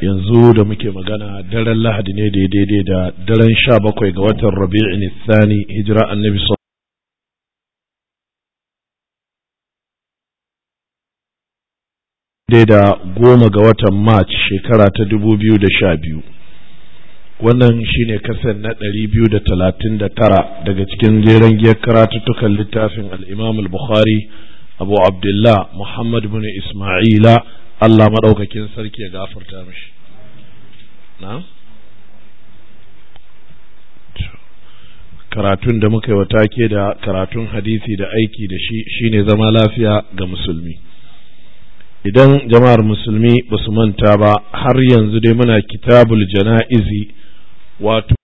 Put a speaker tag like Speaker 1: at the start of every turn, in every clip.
Speaker 1: yanzu da muke magana daren lahadi ne da daidai da daren sha bakwai ga watan rabi'in thani hijira annabi sau da goma ga watan march shekara ta dubu biyu da sha biyu wannan shine kasan na ɗari biyu da talatin da tara daga cikin jeren giyar karatuttukan littafin al'imam al-bukhari abu abdullah muhammad bin ismaila Allah maɗaukakin sarki ya gafarta mishi na karatun da muka yi wata ke da karatun hadisi da aiki da shi shine zama lafiya ga musulmi idan jama'ar musulmi ba su manta ba har yanzu dai muna kitabul jana'izi wato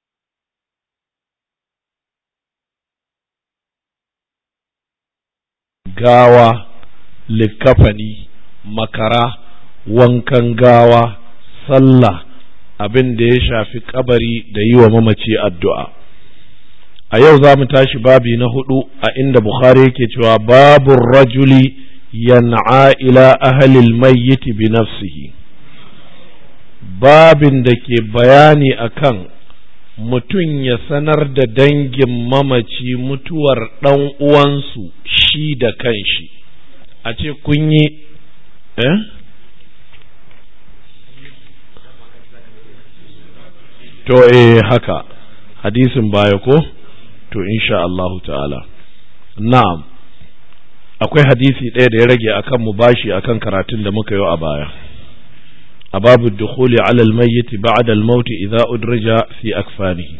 Speaker 1: gawa likafani makara wankan gawa sallah abin da ya shafi kabari da yi wa mamaci addu'a a yau za mu tashi babi na hudu a inda bukhari yake cewa babu rajuli yan'a ila ahalil mayyiti bi nafsihi babin da ke bayani akan mutum ya sanar da dangin mamaci mutuwar ɗan uwansu shi da kanshi a ce kun yi eh to eh haka hadisin baya ko to insha ta'ala na'am akwai hadisi ɗaya da ya rage akan mu bashi akan karatun da muka yi a baya a babu dukhuli ala almayyit ba'da almaut idza udraja fi akfanihi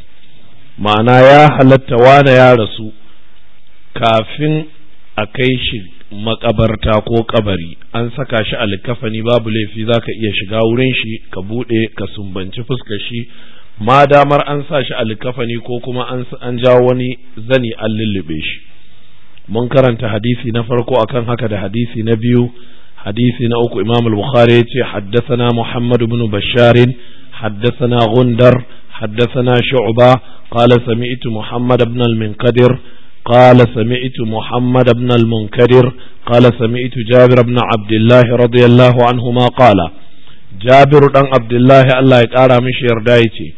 Speaker 1: ma'ana ya halatta wana ya rasu kafin a kai shi makabarta ko kabari an saka shi a likafani babu laifi zaka iya shiga wurin shi ka bude ka sumbanci fuskar shi ma damar an sa shi alkafani ko kuma an jawo wani zani an lullube shi mun karanta hadisi na farko akan haka da hadisi na biyu hadisi na uku imam al-bukhari ya ce haddasana muhammad ibn basharin haddasana gundar haddasana shu'ba qala sami'tu muhammad ibn al-minqadir قال سمعت محمد بن المنكدر قال jabir جابر بن عبد الله رضي الله عنهما قال جابر بن عبد الله الله يقارى مش يردايتي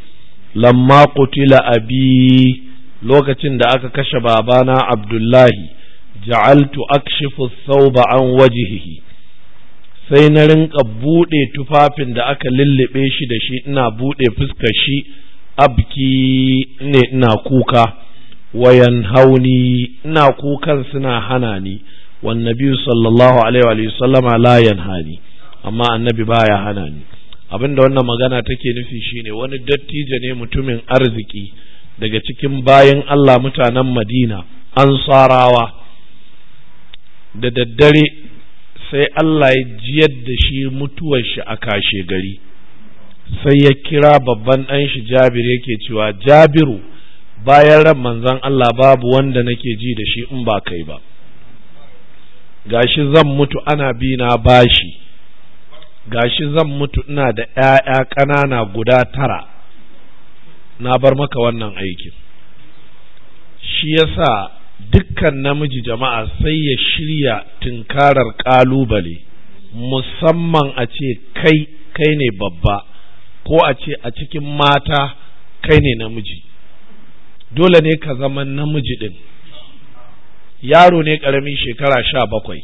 Speaker 1: lamma kutila abi lokacin da aka kashe babana abdullahi ja'altu akshifu thawba an wajihihi. sai na rinka buɗe tufafin da aka lullube shi da shi ina buɗe fuskar shi abki ne ina kuka wayan hauni ina kukan suna hana ni wan sallallahu alaihi wa sallama la yanhani amma annabi baya hana ni Abin da wannan magana take nufi shine wani dattijo ne mutumin arziki daga cikin bayan Allah mutanen Madina an sarawa. da daddare sai Allah ya jiyar da shi mutuwar shi a kashe gari sai ya kira babban ɗan shi Jabir yake cewa Jabiru bayan ran manzon Allah babu wanda nake ji da shi in ba kai ba gashi zan mutu ana bina bashi gashi zan mutu ina da ‘ya'ya ƙanana guda tara na bar maka wannan aikin shi yasa dukkan namiji jama'a sai ya shirya tunkarar ƙalubale musamman a ce kai kai ne babba ko a ce a cikin mata kai ne namiji dole ne ka zama namiji ɗin yaro ne ƙaramin shekara sha bakwai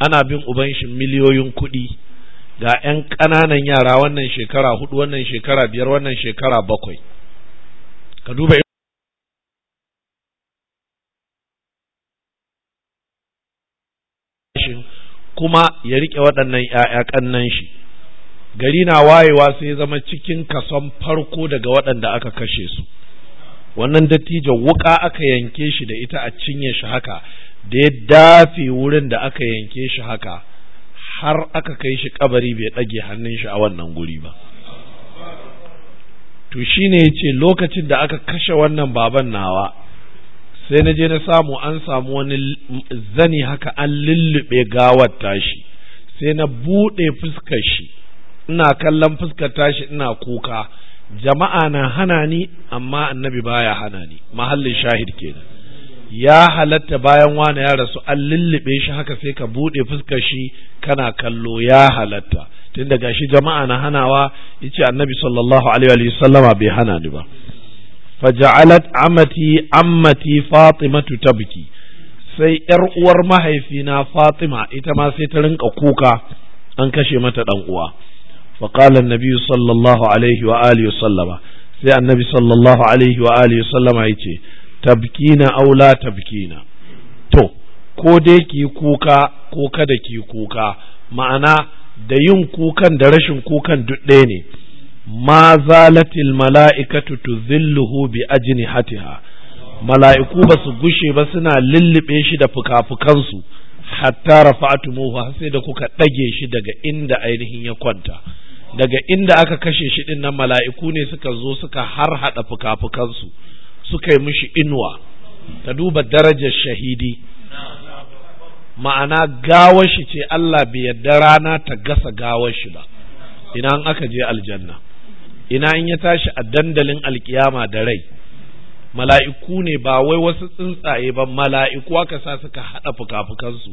Speaker 1: ana bin uban miliyoyin kuɗi ga 'yan ƙananan yara wannan shekara hudu wannan shekara biyar wannan shekara bakwai ka duba kuma ya riƙe waɗannan 'ya'ya ƙannan shi gari na wayewa sai zama cikin kason farko daga waɗanda aka kashe su wannan dattijo wuƙa aka yanke shi da ita a cinye shi haka da ya dafe wurin da aka yanke shi haka har aka kai shi kabari bai dage hannun shi a wannan guri ba to shine ya ce lokacin da aka kashe wannan baban nawa sai na je na samu an samu wani zani haka an lullube gawar tashi sai na buɗe fuskar shi ina kallon fuskar tashi ina kuka jama'a na hana ni amma annabi baya hana ni mahallin shahid kenan ya halatta bayan wani ya rasu an lullube shi haka sai ka buɗe fuskar shi kana kallo ya halatta tun daga shi jama'a na hanawa yace annabi sallallahu alaihi wa sallama bai hana ni ba faja'alat amati amati fatimatu tabki sai yar uwar mahaifina fatima ita ma sai ta rinka kuka an kashe mata dan uwa fa qala annabi sallallahu alaihi wa alihi sallama sai annabi sallallahu alaihi wa alihi sallama yace tabkina aw la tabkina to ko dai ki kuka ko kada ki kuka ma'ana da yin kukan da rashin kukan duk ɗaya ne ma zalatil mala'ikatu tuzilluhu bi ajnihatiha mala'iku ba su gushe ba suna lullube shi da fuka-fukansu hatta muhu sai da kuka ɗage shi daga inda ainihin ya kwanta daga inda aka kashe shi ɗin nan mala'iku ne suka zo suka har haɗa fuka-fukansu suka yi mishi inuwa ta duba darajar shahidi ma'ana gawar shi ce Allah bai yarda rana ta gasa gawar shi ba ina an aka je aljanna ina in ya tashi a dandalin alkiyama da rai mala'iku ne ba wai wasu tsuntsaye ba mala'iku aka sa suka haɗa fuka-fukansu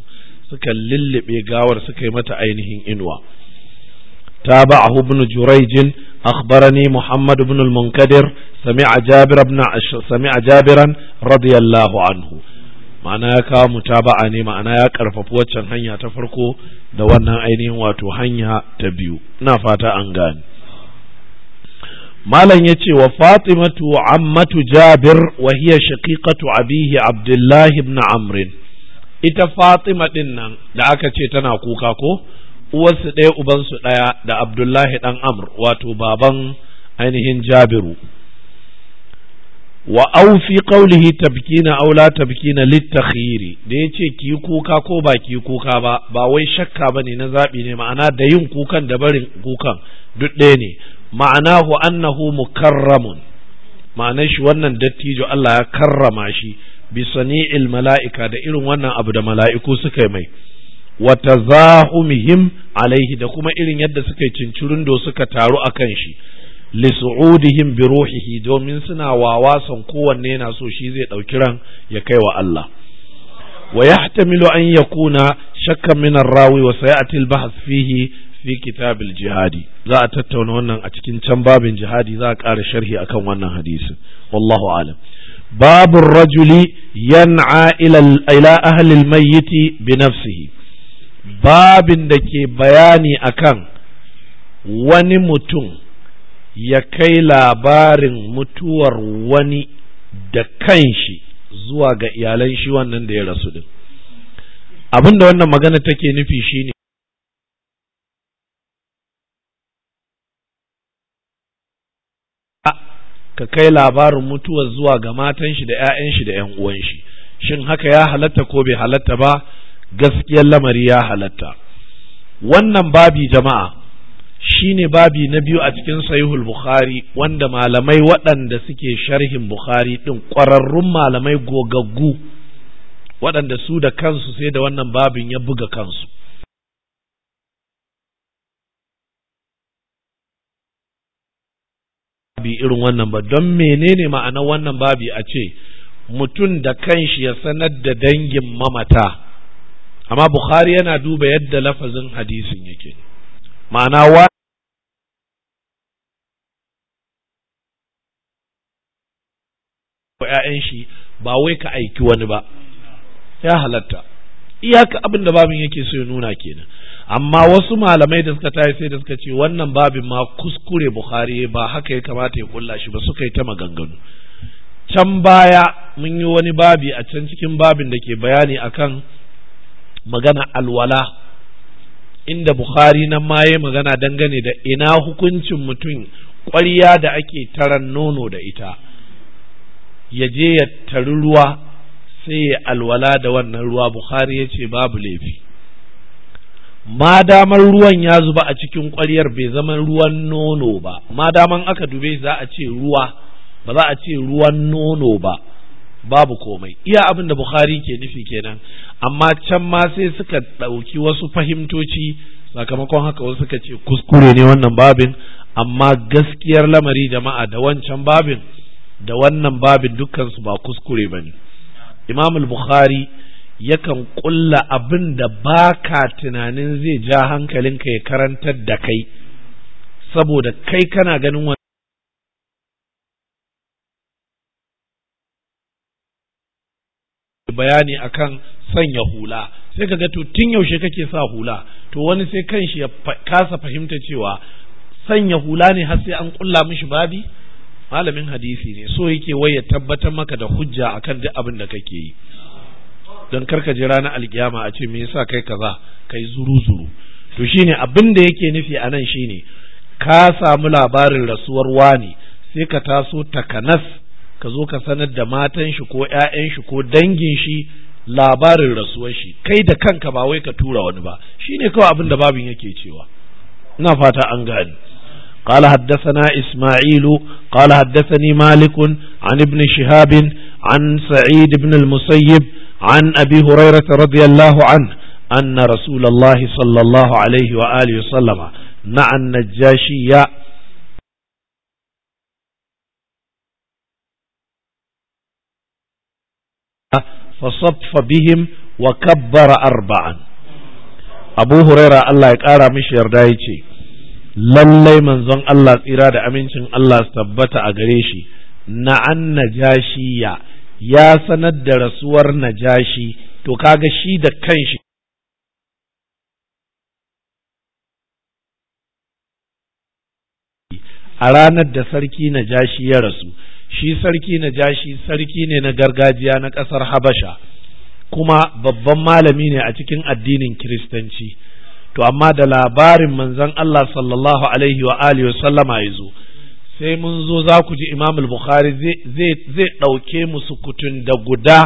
Speaker 1: suka lullube gawar suka yi mata ainihin inuwa تابعه ابن جريج أخبرني محمد بن المنكدر سمع جابر بن عش... سمع جابرا رضي الله عنه ma'ana ya kawo mutaba'a ne ma'ana ya karfafi waccan hanya ta farko da wannan ainihin wato hanya ta biyu ina fata an gane malam ya ce wa fatimatu ammatu jabir wa hiya shaqiqatu abihi abdullahi ibn amr ita fatima din nan da aka ce tana kuka ko uwarsu ɗaya ubansu ɗaya da abdullahi ɗan amr wato baban ainihin jabiru wa aufi qawlihi tabkina aula la tabkina littakhiri da ya ce ki kuka ko ba ki kuka ba ba wai shakka ba ne na zaɓi ne ma'ana da yin kukan da barin kukan duk ɗaya ne ma'anahu annahu mukarramun ma'anar shi wannan dattijo Allah ya karrama shi bisani sani'il mala'ika da irin wannan abu da mala'iku suka yi mai wa tazahumihim alaihi da kuma irin yadda suka cincirin do suka taru akan shi li su'udihim bi ruhihi domin suna wawasan kowanne yana so shi zai ɗauki ran ya kai wa Allah wa yahtamilu an yakuna shakkan minan rawi wa sayati al fihi fi kitab al-jihadi za a tattauna wannan a cikin can babin jihadi za a ƙara sharhi akan wannan hadisin wallahu alam babu rajuli yan'a ila ila ahli al bi nafsihi babin da ke bayani akan wani mutum ya kai labarin mutuwar wani da kanshi zuwa ga iyalan shi wannan da ya rasu din abin da wannan magana take nufi shine ka kai labarin mutuwar zuwa ga matan shi da 'ya'yan shi da 'yan uwan shi shin haka ya halatta ko bai halatta ba gaskiyar lamari ya halatta wannan babi jama'a shine babi na biyu a cikin sahihul bukhari wanda malamai waɗanda suke sharhin bukhari ɗin ƙwararrun malamai gogaggu waɗanda su da kansu sai da wannan babin ya buga kansu babi irin wannan ba don menene ma'ana wannan babi a ce mutum da kanshi ya sanar da dangin mamata amma bukhari yana duba yadda lafazin hadisin yake ma'ana wa ‘ya'yan shi ba wai ka aiki wani ba ya halatta iyaka abin da babin yake so ya nuna kenan amma wasu malamai da suka tayi sai da suka ce wannan babin ma kuskure bukhari ba haka ya kamata ya kulla shi ba suka yi ta maganganu can baya mun yi wani babi a can cikin babin da ke bayani akan magana alwala inda bukhari nan ma ya magana dangane da ina hukuncin mutum ƙwarya da ake taran nono da ita ya je ya tari ruwa sai ya alwala da wannan ruwa bukhari ya ce babu laifi ma damar ruwan ya zuba a cikin ƙwaryar bai zama ruwan nono ba ma daman aka dube za a ce ruwa ba za a ce ruwan nono ba babu komai iya abin da bukhari ke nufi kenan amma can ma sai suka ɗauki wasu fahimtoci sakamakon haka wasu suka ce kuskure ne wannan babin amma gaskiyar lamari jama'a da wancan babin da wannan babin dukkansu ba kuskure ba ne imam bukhari yakan ƙulla abin da ba ka tunanin zai ja hankalinka ya karantar da kai saboda kai kana ganin wani bayani akan sanya hula sai kaga to tun yaushe kake sa hula to wani sai kan shi ya kasa fahimta cewa sanya hula ne har sai an kulla mishi babi malamin hadisi ne so yake wai ya tabbatar maka da hujja akan duk abin da kake yi don karka ji ranar alkiyama a ce me yasa kai kaza kai zuru zuru to shine abin da yake nufi a nan shine ka samu labarin rasuwar wani sai ka taso takanas ka zo ka sanar da matan shi ko ƴaƴan shi ko dangin shi labarin rasuwar shi kai da kanka ba wai ka tura wani ba shine kawai abin da babin yake cewa ina fata an gane قال حدثنا إسماعيل قال حدثني مالك عن ابن شهاب عن سعيد بن المسيب عن أبي هريرة رضي الله عنه أن رسول الله صلى الله عليه وآله وسلم مع النجاشي fasaffa bihim wa kabbara arba'an abu huraira Allah ya ƙara mishi yarda ya ce lallai manzon Allah tsira da amincin Allah su tabbata a gare shi na'an najashiya ya sanar da rasuwar najashi to kaga shi da kanshi a ranar da sarki najashi ya rasu shi sarki na jashi sarki ne na gargajiya na ƙasar habasha kuma babban malami ne a cikin addinin kiristanci to amma da labarin manzon Allah sallallahu alaihi wa alihi sallama ya zo sai mun zo za ku ji imam bukhari zai ɗauke mu sukutun da guda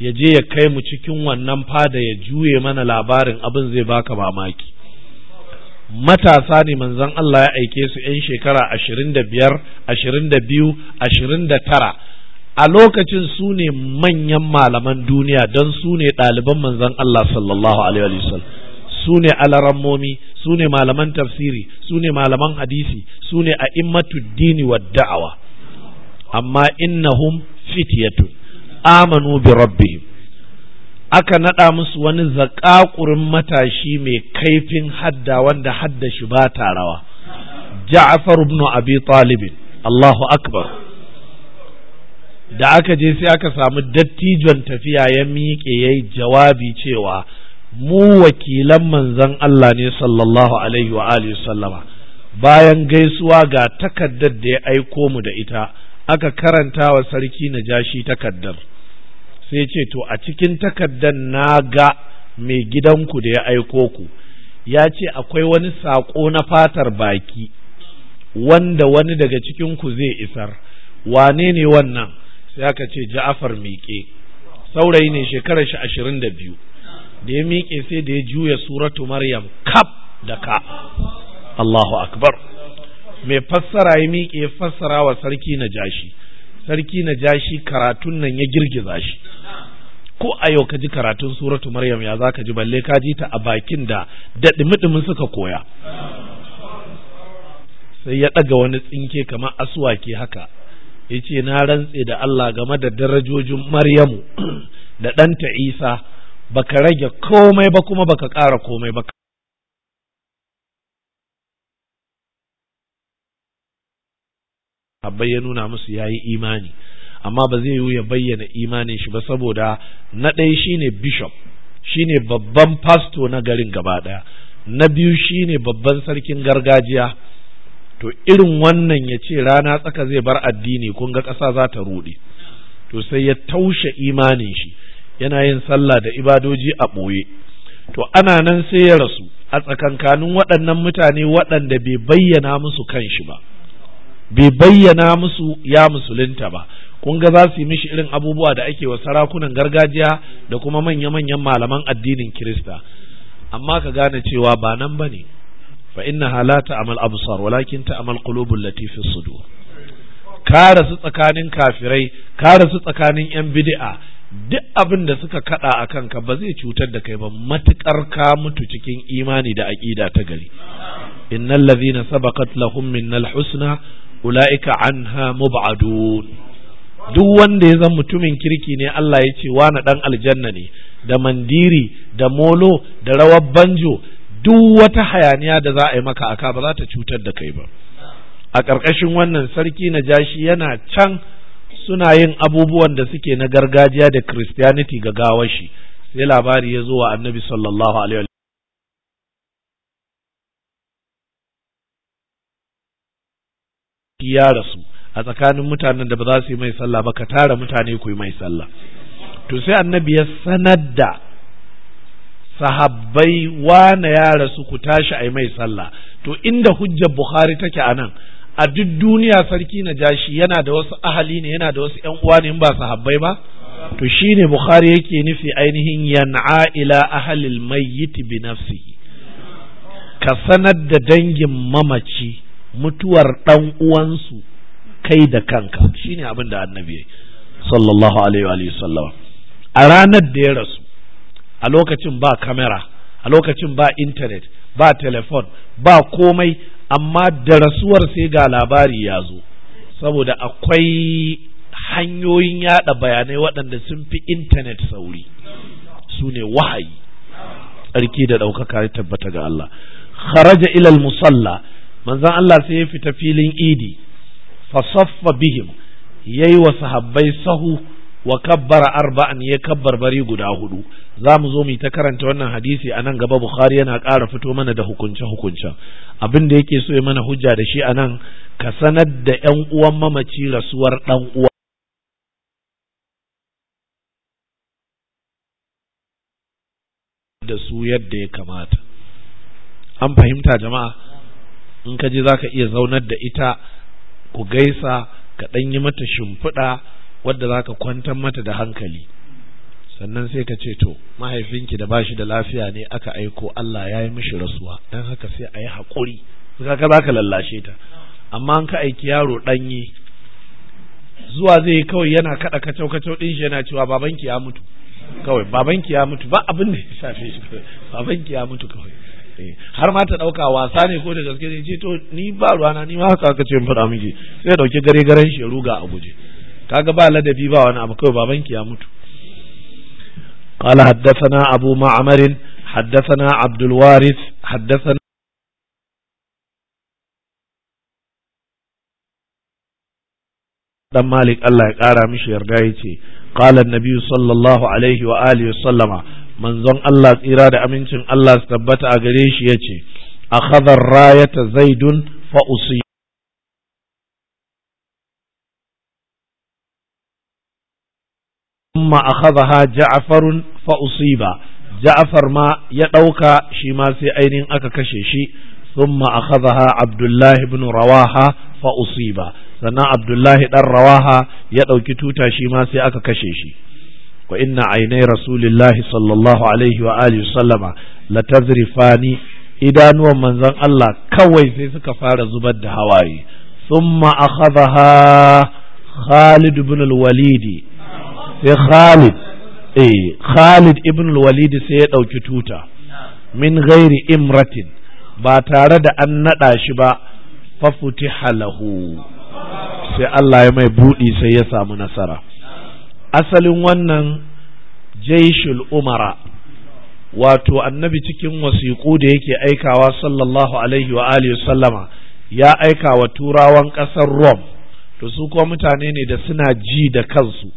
Speaker 1: ya je ya kai mu cikin wannan fada ya juye mana labarin abin zai baka mamaki matasa ne manzon Allah ya aike su 'yan shekara ashirin da biyar ashirin da biyu ashirin da tara a lokacin su ne manyan malaman duniya don su ne ɗaliban manzon Allah sallallahu alaihi wasallam su ne alarammomi su ne malaman tafsiri su ne malaman hadisi su ne a dini wa da'awa amma innahum fitiyatu amanu bi rabbihim aka naɗa musu wani zaƙaƙurin matashi mai kaifin hadda wanda hadda shi ba ta rawa ja'far ibn abi talibin Allahu akbar da aka je sai aka samu dattijon tafiya ya miƙe ya yi jawabi cewa mu wakilan manzan Allah ne sallallahu alaihi wa sallama bayan gaisuwa ga takardar da ya aiko mu da ita aka karanta wa sarki najashi takardar. sai ce to a cikin takardar na ga mai gidanku da ya aiko ku ya ce akwai wani saƙo na fatar baki wanda wani daga cikin ku zai isar wane ne wannan sai aka ce ja'afar miƙe saurayi ne shekarar shi ashirin da biyu da ya miƙe sai da ya juya suratu maryam kaf da ka Allahu akbar mai fassara ya miƙe fassara wa sarki na jashi sarki na jashi karatun nan ya girgiza shi ko a yau ka ji karatun suratu maryam ya za ka ji balle ka ji ta a bakin da da suka koya sai ya ɗaga wani tsinke kamar ke haka ya ce na rantse da Allah game da darajojin maryamu da ɗanta isa baka rage komai ba kuma baka ƙara komai ba a ya nuna musu yayi imani amma ba zai yiwu ya bayyana imanin shi ba saboda na ɗaya shine bishop shine babban pasto na garin gaba ɗaya na biyu shine babban sarkin gargajiya to irin wannan ya ce rana tsaka zai bar addini kun ga ƙasa za ta ruɗe to sai ya taushe imanin shi yana yin sallah da ibadoji a ɓoye to ana nan sai ya rasu a tsakankanin waɗannan mutane waɗanda bai bayyana musu kan shi ba bai bayyana musu ya musulunta ba kun ga za su yi mishi irin abubuwa da ake wa sarakunan gargajiya da kuma manya-manyan malaman addinin kirista amma ka gane cewa ba nan ba ne fa inna halata amal absar walakin ta amal qulubul latifi sudur kare su tsakanin kafirai kare su tsakanin yan bid'a duk abin da suka kada akan ka ba zai cutar da kai ba matukar ka mutu cikin imani da aqida ta gari innal ladhina sabaqat lahum minnal husna ula'ika anha mub'adun duk wanda ya zan mutumin kirki ne Allah ya ce na dan aljanna ne da mandiri da molo da rawar banjo duk wata hayaniya da za a yi maka aka ba za ta cutar da kai ba a ƙarƙashin wannan sarki na jashi yana can suna yin abubuwan da suke na gargajiya da christianity ga gawashi sai labari ya zo wa annabi sallallahu alaihi ya rasu a tsakanin mutanen da ba za su yi mai sallah ba ka tara mutane ku yi mai sallah to sai annabi ya sanar da sahabbai wane ya rasu ku tashi a yi mai sallah to inda hujjar bukhari take a nan a duk duniya sarki na jashi yana da wasu ahali ne yana da wasu yan uwa ne in ba sahabbai ba to shine bukhari yake nufi ainihin yan'a ila ahalil mayyit bi nafsihi ka sanar da dangin mamaci mutuwar ɗan uwansu kai da kanka shine abin da annabi sallallahu alaihi wa sallam a ranar da ya rasu a lokacin ba kamera a lokacin ba intanet ba telefon ba komai amma da rasuwar sai ga labari ya zo saboda akwai hanyoyin yada bayanai waɗanda sun fi intanet sauri su ne wahayi tsarki da ɗaukaka ya tabbata ga Allah kharaja ilal musalla manzon Allah sai ya fita filin idi fasaffa bihim yayi wa sahabbai sahu wa kabbara arba'an ya kabbar bari guda hudu za mu zo mu ta karanta wannan hadisi a nan gaba bukhari yana ƙara fito mana da hukunce hukunce abin da yake so ya mana hujja da shi a nan ka sanar da ƴan uwan mamaci rasuwar ɗan uwa da su yadda ya kamata an fahimta jama'a in ka je za ka iya zaunar da ita ku gaisa ka ɗan yi mata shimfiɗa wadda za ka kwantar mata da hankali sannan sai ka ce to mahaifinki da bashi da lafiya ne aka aiko Allah ya yi mishi rasuwa don haka sai a yi haƙuri ka za ka lallashe ta amma an ka aiki yaro ɗanyi zuwa zai kawai yana kaɗa kacau kacau ɗin shi yana cewa babanki ya mutu kawai babanki ya mutu ba abin da ya shafe shi kawai babanki ya mutu kawai Eh, har ma ta dauka wasa ne ko da gaske ne ce to ni ba ruwana ni ma haka aka ce fada miki sai dauki gare garen shi ruga a guje kaga ba ladabi ba wani abu kawai babanki ya mutu قال حدثنا أبو معمر حدثنا عبد الوارث حدثنا dan malik Allah ya kara mishi yarda yace qala an-nabi sallallahu alaihi wa alihi wa sallama manzon Allah tsira da amincin Allah su tabbata a gare shi ya ce a Raya rayata zaidun fa'usi Amma a ha ja'afarun fa'usiba ja'afar ma ya ɗauka shi ma sai ainihin aka kashe shi a bin rawaha fa’usi ba, sannan Sannan ɗan ɗan ya ɗauki ɗauki tuta shima sai aka kashe shi. wa inna ainai rasulillahi sallallahu alaihi wa alihi sallama la tazrifani idanuwan manzon Allah kawai sai suka fara zubar da hawaye thumma akhadha Khalid ibn al sai Khalid eh Khalid ibn al sai ya ɗauki tuta min gairi imratin ba tare da an naɗa shi ba fa futiha sai Allah ya mai budi sai ya samu nasara asalin wannan jaishul umara wato annabi cikin wasiƙu da yake aikawa sallallahu alaihi wa alihi sallama ya aika wa turawan ƙasar rom to su ko mutane ne da suna ji da kansu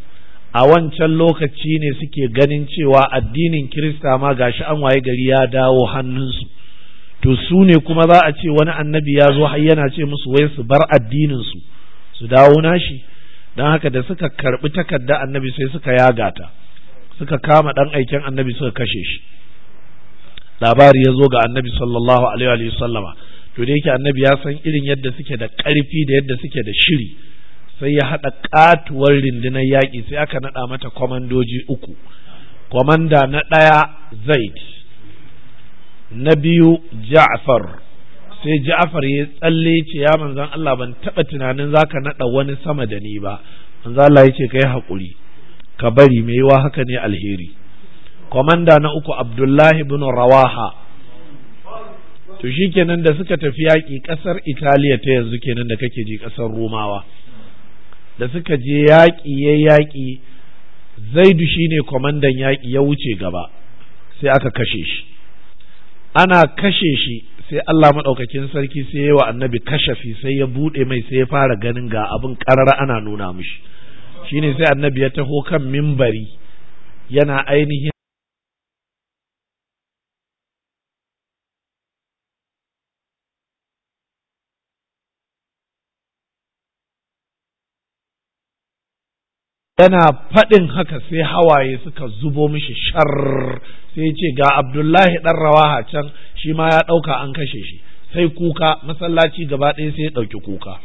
Speaker 1: a wancan lokaci ne suke ganin cewa addinin kirista ma gashi an waye gari ya dawo hannunsu to su ne kuma za a ce wani annabi ya zo har yana ce musu wai su bar addininsu su dawo nashi don haka da suka karbi takarda annabi sai suka yaga ta suka kama dan aikin annabi suka kashe shi labari ya zo ga annabi sallallahu alaihi wa sallama to da yake annabi ya san irin yadda suke da karfi da yadda suke da shiri sai ya haɗa katuwar rindinar yaƙi sai aka naɗa mata kwamandoji uku kwamanda na ɗaya zaid na biyu ja'far sai Jafar ya tsalle ce ya manzan Allah ban taɓa tunanin zaka naɗa wani sama da ni ba manzan Allah ya ce kai haƙuri ka bari mai yiwa haka ne alheri komanda na uku abdullahi bin rawaha to shi kenan da suka tafi yaƙi ƙasar italiya ta yanzu kenan da kake ji ƙasar romawa da suka je yaƙi ya yaƙi zaidu shine kwamandan yaƙi ya wuce gaba sai aka kashe shi ana kashe shi sai Allah maɗaukakin sarki sai ya wa annabi kashafi sai ya buɗe mai sai ya fara ganin ga abin ƙarar ana nuna mishi shine sai annabi ya taho kan mimbari yana ainihin yana faɗin haka sai hawaye suka zubo mishi shar sai ce ga abdullahi ɗan rawaha can shi ma ya ɗauka an kashe shi sai kuka masallaci gaba ɗaya sai ya ɗauki kuka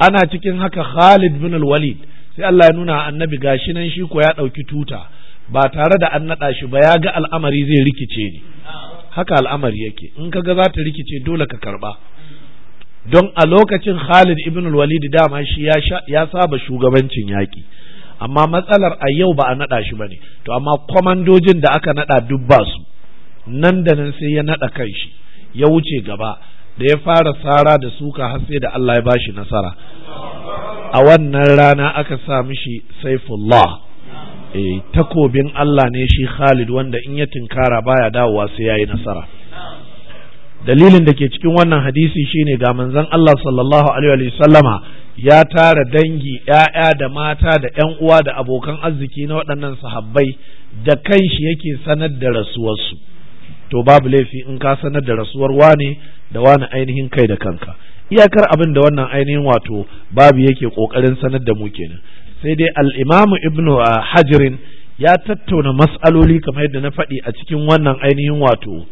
Speaker 1: ana cikin haka khalid bin walid sai Allah ya nuna annabi gashi nan shi ko ya ɗauki tuta ba tare da an naɗa shi ba ya ga al'amari zai rikice ni haka al'amari yake in ka ga za ta rikice dole ka karɓa don a lokacin Khalid ibn al-Walid dama shi ya saba shugabancin yaƙi amma matsalar a yau ba a naɗa shi ba ne, to amma kwamandojin da aka naɗa duk ba su nan da nan sai ya naɗa kan shi ya wuce gaba da ya fara sara da suka har sai da Allah ya bashi nasara a wannan rana aka sa mishi Saifullah eh takobin Allah ne shi Khalid wanda in ya tinkara baya dawowa sai yayi nasara dalilin da ke cikin wannan hadisi shine ga manzon Allah sallallahu alaihi wa sallama ya tara dangi ‘ya'ya da mata da ‘yan uwa da abokan arziki na waɗannan sahabbai da kanshi yake sanar da rasuwarsu to babu laifi in ka sanar da rasuwar wane da wani ainihin kai da kanka iyakar abin da wannan ainihin wato babu yake kokarin sanar da mu kenan sai dai al al'imamu ibnu ah, hajirin ya tattauna mas'aloli kamar yadda na faɗi a cikin wannan ainihin wato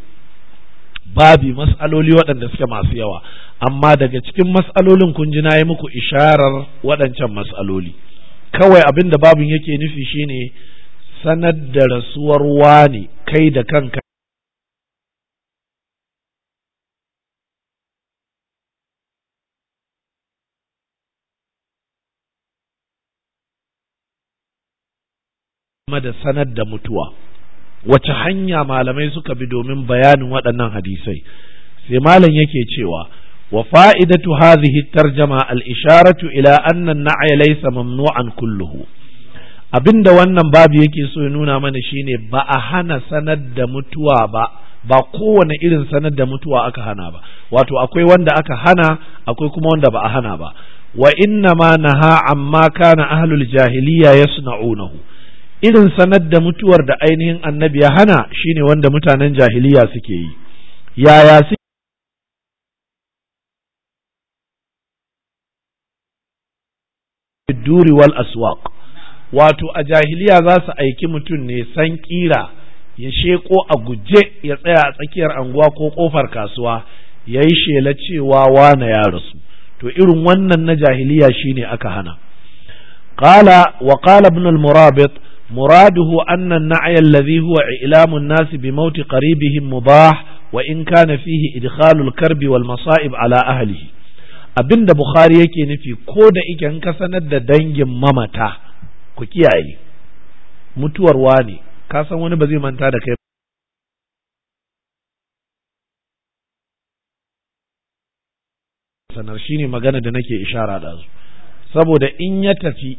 Speaker 1: babi mas'aloli waɗanda suke masu yawa amma daga cikin mas'alolin kun ji na yi muku isharar waɗancan mas'aloli kawai abin da babin yake nufi shine sanar da rasuwar wani kai da kanka da sanar da mutuwa wace hanya malamai suka bi domin bayanin waɗannan hadisai sai malam yake cewa wa fa'idatu hadhihi tarjama al-isharatu ila anna an-na'ya laysa mamnu'an kulluhu abinda wannan babu yake so ya nuna mana shine ba a hana sanar da mutuwa ba ba kowane irin sanar da mutuwa aka hana ba wato akwai wanda aka hana akwai kuma wanda ba a hana ba wa inna ma naha amma kana ahlul jahiliya yasna'unahu irin sanar da mutuwar da ainihin annabi ya hana shine wanda mutanen jahiliya suke yi yaya su duri wal aswaq wato a jahiliya za su aiki mutum ne san kira ya sheko a guje ya tsaya a tsakiyar anguwa ko kofar kasuwa ya yi shela cewa wane ya rasu to irin wannan na jahiliya shine aka hana qala wa qala ibn al-murabit muraduhu annan na'ya allazi huwa ilamun nasi bi mauti qaribihim ba wa in kana fihi idkhalul karbi wal masa'ib ala ahlihi abinda bukhari yake nufi ko da ike in ka sanar da dangin mamata ku kiyaye mutuwar wani ka san wani ba zai manta da kai sanar shine magana da nake ishara da su saboda in ya tafi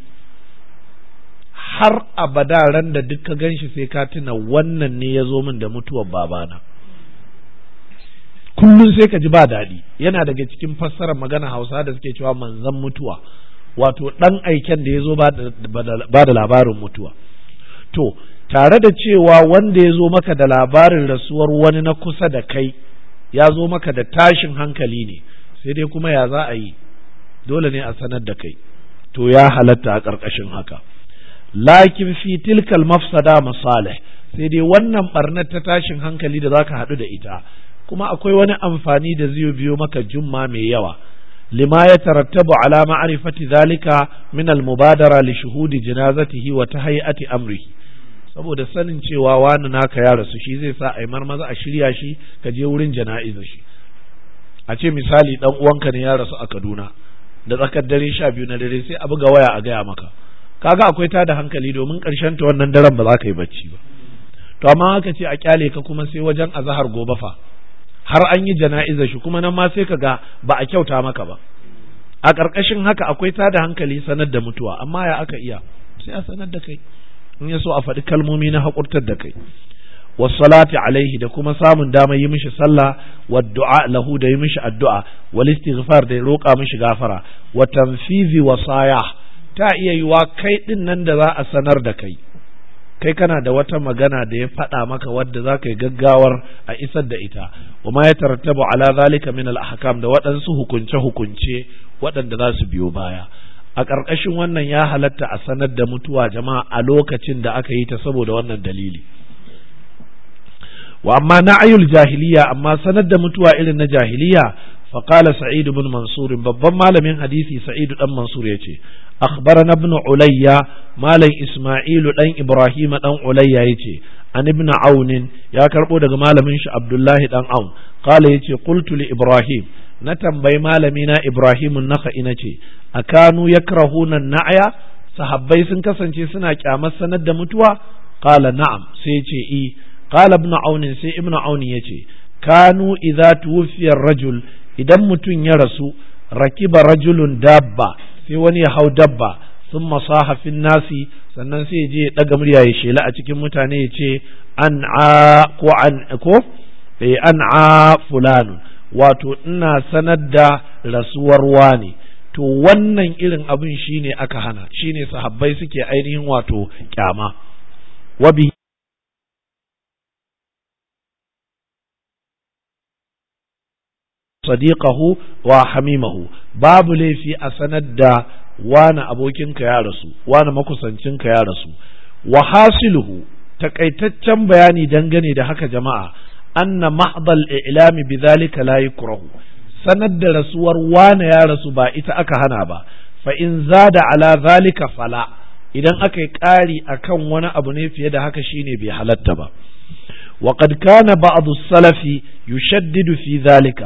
Speaker 1: har abada ran da duk ka gan shi sai ka tuna wannan ne ya zo min da mutuwar babana kullum sai ka ji ba daɗi yana daga cikin fassara magana hausa da suke cewa manzan mutuwa wato ɗan aiken da ya zo ba da labarin mutuwa to tare da cewa wanda ya zo maka da labarin rasuwar wani na kusa da kai ya zo maka da tashin hankali ne sai dai kuma ya za a yi dole ne a sanar da kai to ya halatta a ƙarƙashin haka lakin fi tilkal mafsada masalih sai dai wannan barnar ta tashin hankali da zaka haɗu da ita kuma akwai wani amfani da zai biyo maka jumma mai yawa lima ya tarattabu ala ma'rifati zalika min al-mubadara li shuhudi janazatihi wa tahiyati amrihi saboda sanin cewa wani naka ya rasu shi zai sa aimar maza a shirya shi ka je wurin jana'izar shi a ce misali dan uwanka ne ya rasu a Kaduna da tsakar dare sha biyu na dare sai a buga waya a gaya maka kaga akwai tada hankali domin karshen ta wannan daren ba za ka yi bacci ba to amma haka ce a kyale ka kuma sai wajen azahar gobe fa har an yi jana'iza shi kuma nan ma sai ka ga ba a kyauta maka ba a ƙarƙashin haka akwai tada hankali sanar da mutuwa amma ya aka iya sai a sanar da kai in ya so a faɗi kalmomi na haƙurtar da kai wasalati alaihi da kuma samun damar yi mishi sallah wa du'a lahu da yi mishi addu'a wal istighfar da roƙa mishi gafara wa tanfizi wasaya ta iya yi wa kai ɗin nan da za a sanar da kai kai kana da wata magana da ya faɗa maka wadda za ka yi gaggawar a isar da ita wa ma ya tarattabu ala zalika min al ahkam da waɗansu hukunce hukunce waɗanda za su biyo baya a ƙarƙashin wannan ya halatta a sanar da mutuwa jama'a a lokacin da aka yi ta saboda wannan dalili wa amma na'ayul jahiliya amma sanar da mutuwa irin na jahiliya فقال سعيد بن منصور babban malamin hadisi Sa'idu dan Mansur yace na ibn Ulayya malam Isma'il dan Ibrahim dan Ulayya yace an ibn Aun ya karbo daga malamin shi Abdullahi dan Aun qala yace qultu li Ibrahim na tambayi malami na Ibrahim an-Nakhai nace akanu yakrahuna na'ya sahabbai sun kasance suna kyamar sanar da mutuwa qala na'am sai yace i qala ibn Aun sai ibn Aun yace kanu idza tuwfiya ar-rajul idan mutum ya rasu rakiba rajulun dabba sai wani ya hau dabba sun masahafin nasi sannan sai je ya ɗaga murya ya shela a cikin mutane ya ce an a ko an ko eh, an a wato ina sanar da rasuwar wani to wannan irin abin shine aka hana shine sahabbai suke ainihin wato kyama wabi sadiqahu wa hamimahu babu laifi a sanar da wani abokinka ya rasu wani makusancinka ya rasu Waha hasiluhu takaitaccen bayani dangane da haka jama'a anna mahdal i'lami bidhalika la yukrahu sanar da rasuwar wani ya rasu ba ita aka hana ba fa in zada ala zalika fala idan aka yi ƙari kan wani abu ne fiye da haka shine bai halarta ba وقد كان بعض السلف يشدد في ذلك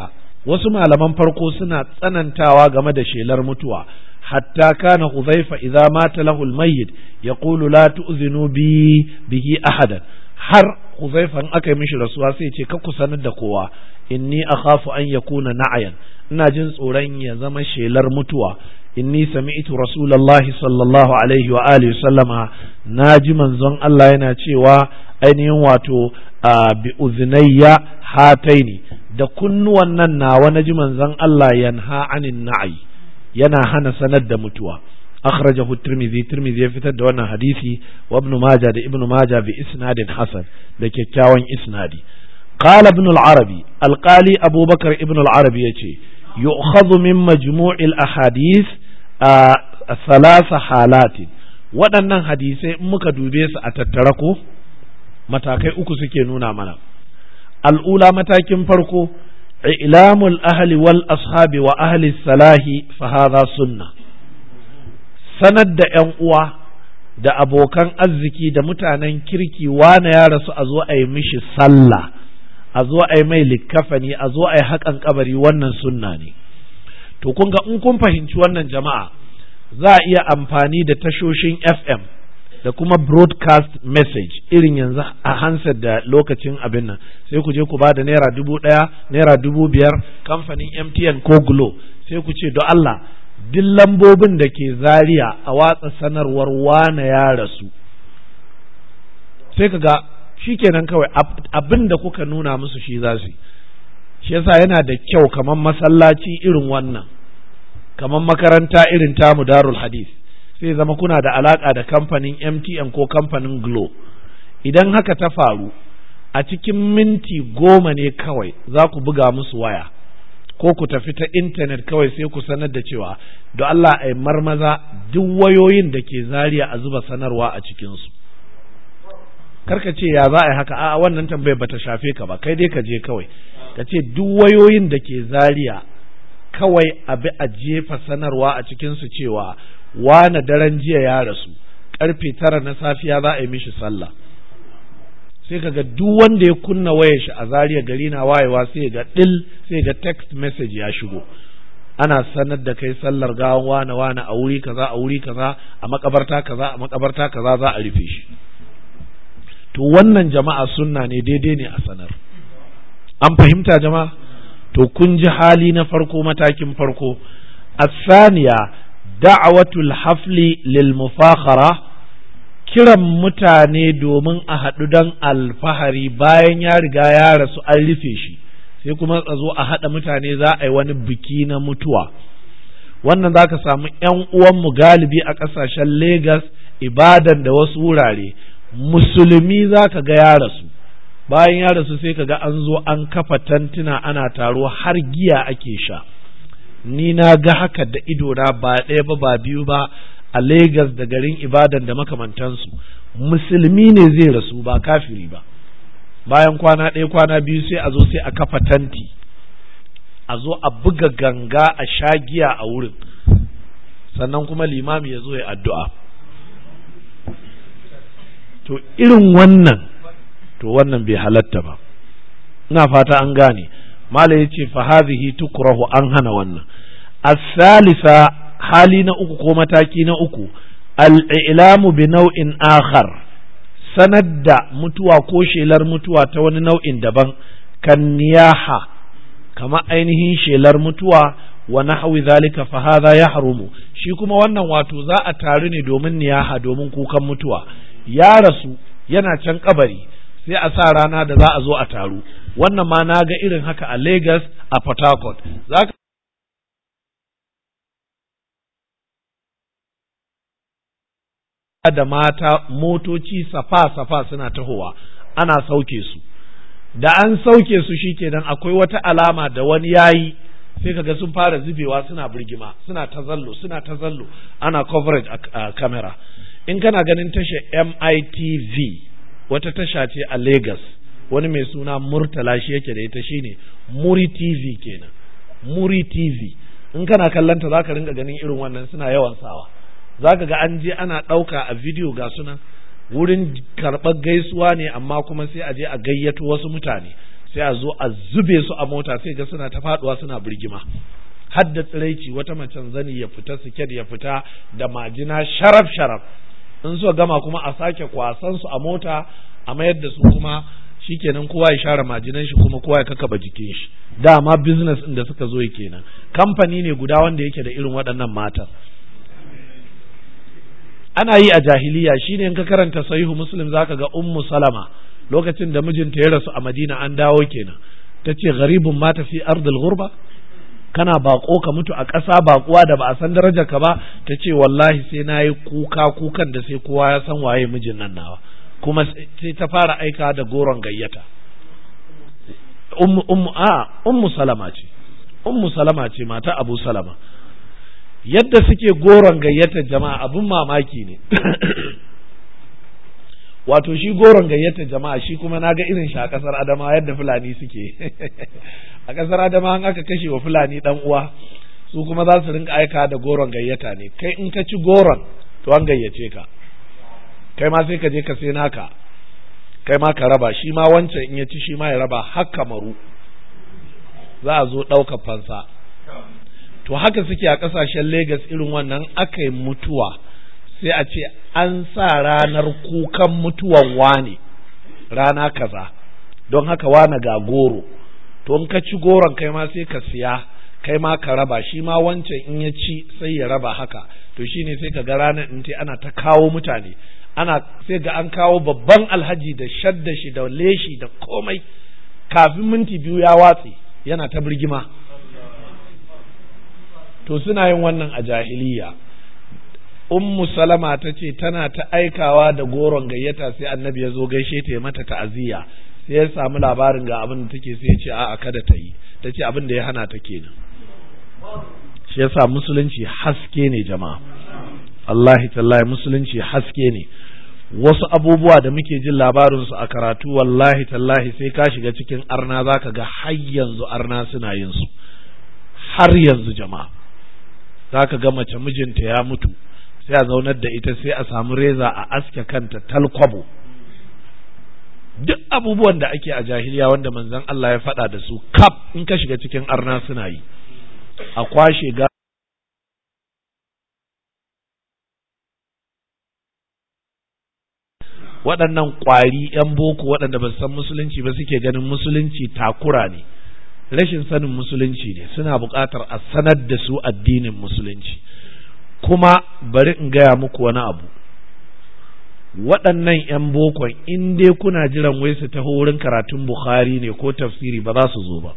Speaker 1: wasu malaman farko suna tsanantawa game da shelar mutuwa hatta kana huzaifa idza mata lahu almayyit yaqulu la tu'zinu bi bihi ahadan har huzaifa in aka yi mishi rasuwa sai ce ka ku da kowa inni akhafu an yakuna na'ayan ina jin tsoron ya zama shelar mutuwa inni sami'tu rasulullahi sallallahu alaihi wa alihi sallama naji manzon Allah yana cewa ainihin wato bi hatai hataini da kunnuwan nan nawa na ji manzon Allah yanha anin na'i yana hana sanar da mutuwa akhrajahu tirmidhi tirmidhi ya fitar da wannan hadisi wa ibn majah da ibn majah bi isnadin Hassan da kyakkyawan isnadi qala ibn al-arabi alqali abubakar ibn al-arabi yace yu'khadhu min majmu'il a salasa halatin waɗannan hadisai in muka dube su a tattara ko matakai uku suke nuna mana al'ula matakin farko ilamul ahli wal ashabi wa ahli salahi fa sunna sanar da ‘yan uwa da abokan arziki da mutanen kirki wane ya rasu a zo a yi mishi sallah a zo a yi mai likkafani a zo a yi haƙan kabari wannan sunna ne to kun ga in kun fahimci wannan jama'a za a iya amfani da tashoshin fm da kuma broadcast message irin yanzu a hansar da lokacin abin nan sai ku je ku ba da naira dubu ɗaya naira dubu biyar kamfanin mtn ko glo sai ku ce do allah duk lambobin da ke zaria a watsa sanarwar wane ya rasu sai ka ga kenan kawai abin da kuka nuna musu shi za su shi yasa yana da kyau kamar masallaci irin wannan kamar makaranta irin tamu darul hadith sai zama kuna da alaka da kamfanin MTN ko kamfanin Glo idan haka ta faru a cikin minti goma ne kawai za ku buga musu waya ko ku tafi ta intanet kawai sai ku sanar da cewa da Allah a marmaza duk wayoyin da ke zariya a zuba sanarwa a cikinsu karka ce ya za a yi haka a wannan tambayar ba ta shafe ka ba kai dai ka je kawai ka ce duk wayoyin da ke zariya kawai a bi a jefa sanarwa a cikinsu cewa wane daren jiya ya rasu karfe tara na safiya za a yi mishi sallah sai kaga duk wanda ya kunna wayar shi a zariya gari na wayewa sai ga dil sai ga text message ya shigo ana sanar da kai sallar gawan wane wane a wuri kaza a wuri kaza a makabarta kaza a makabarta kaza za a rufe shi to wannan jama'a sunna ne daidai ne a sanar an fahimta jama'a to kun ji hali na farko matakin farko asaniya da'awatul hafli lil mufakhara kiran mutane domin a haɗu don alfahari bayan ya riga ya rasu an rufe shi sai kuma a zo a haɗa mutane za a yi wani biki na mutuwa wannan za ka samu 'yan uwanmu galibi a ƙasashen Legas, Ibadan da wasu wurare musulmi za ka ga ya rasu bayan ya rasu sai ka ga an zo an kafa tantuna ana taro har giya ake sha ni na ga haka da idona ba ɗaya ba ba biyu ba a Legas da garin Ibadan da makamantansu musulmi ne zai rasu ba kafiri ba bayan kwana ɗaya kwana biyu sai a zo sai a kafa tanti a zo a buga ganga a shagiya a wurin sannan kuma limami ya zo ya addu'a to irin wannan to wannan bai halatta ba ina fata an gane mala ya fa fahazihi tukurahu an hana wannan a salisa hali na uku ko mataki na uku alilamu bi nau'in akhar sanar da mutuwa ko shelar mutuwa ta wani nau'in daban kan niyaha kama ainihin shelar mutuwa wa nahwi zalika fa hadha yahrumu shi kuma wannan wato za a taru ne domin niyaha domin kukan mutuwa ya rasu yana can kabari sai a sa rana da za a zo a taru wannan ma na ga irin haka a Lagos a Port Harcourt zaka da mata motoci safa-safa suna tahowa ana sauke su da an sauke su shi akwai wata alama da wani yayi sai kaga sun fara zubewa suna birgima suna tazallo suna tazallo ana coverage a, a, a camera in kana ganin tashar MITV wata tasha ce a Legas wani mai suna Murtala shi yake da ita shine Muri TV kenan Muri TV in kana kallon ta zaka ringa ganin irin wannan suna yawan sawa zaka ga an je ana ɗauka a bidiyo ga sunan wurin karɓar gaisuwa ne amma kuma sai a je a gayyato wasu mutane sai a zo a zube su a mota sai ga suna ta faduwa suna birgima hadda tsiraici wata macen zani ya fita siket ya fita da majina sharaf sharaf in suka gama kuma a sake kwasan su a mota a mayar da su kuma shi shikenan kowa ya share majinan shi kuma kowa ya kakaba jikin shi dama business din da suka zo kenan kamfani ne guda wanda yake da irin waɗannan matan ana yi a jahiliya shine in ka karanta sahihu muslim zaka ga ummu salama lokacin da mijinta ya rasu a madina an dawo kenan tace ce garibin mata fi ardil gurba kana bako ka mutu a ƙasa bakuwa da ba a san darajar ka ba ta ce wallahi sai na yi kuka kukan da sai kowa ya san waye mijin nan nawa kuma sai ta fara aika da goron gayyata ummu a ummu salama ce ummu salama ce mata abu salama yadda suke goron gayyata jama'a abun mamaki ne wato shi goron gayyata jama'a shi kuma na ga irin shi a ƙasar adama yadda fulani suke a ƙasar adama an aka kashe wa fulani dan uwa su kuma za su rinka aika da goron gayyata ne kai in ka ci goron to an gayyace ka kai ma sai ka je ka sai naka kai ma ka raba shi ma wancan in ya ci shi ma ya raba haka maru za a zo ɗaukar fansa to haka suke a ƙasashen Legas irin wannan aka yi mutuwa sai a ce an sa ranar kukan mutuwan wane rana kaza don haka wane ga goro to in ka ci goron kai ma sai ka siya kai ma ka raba shi ma wancan in ya ci sai ya raba haka to shi ne sai ka ga ranar in te ana ta kawo mutane ana sai ga an kawo babban alhaji da shadda shi da leshi da komai kafin minti biyu ya watse yana ta birgima to suna yin wannan a jahiliya ummu salama ta ce tana ta aikawa da goron gayyata sai annabi ya zo gaishe ta mata ta'aziyya sai ya samu labarin ga abin da take sai ya ce a'a kada ta yi ta ce abin da ya hana ta kenan shi sa musulunci haske ne jama'a ta tallahi musulunci haske ne wasu abubuwa da muke jin labarin su a karatu wallahi tallahi sai ka shiga cikin arna zaka ga har yanzu arna suna yin su har yanzu jama'a zaka ga mace mijinta ya mutu sai a zaunar da ita sai a samu reza a aske kanta talkwabo duk abubuwan da ake a jahiliya wanda manzon Allah ya faɗa da su kaf in ka shiga cikin arna suna yi a kwashe ga waɗannan ƙwari 'yan boko waɗanda ba san musulunci ba suke ganin musulunci takura ne rashin sanin musulunci ne suna buƙatar a sanar da su addinin musulunci kuma bari in gaya muku wani abu waɗannan 'yan bokon in dai kuna jiran wai su taho wurin karatun bukhari ne ko tafsiri ba za su zo ba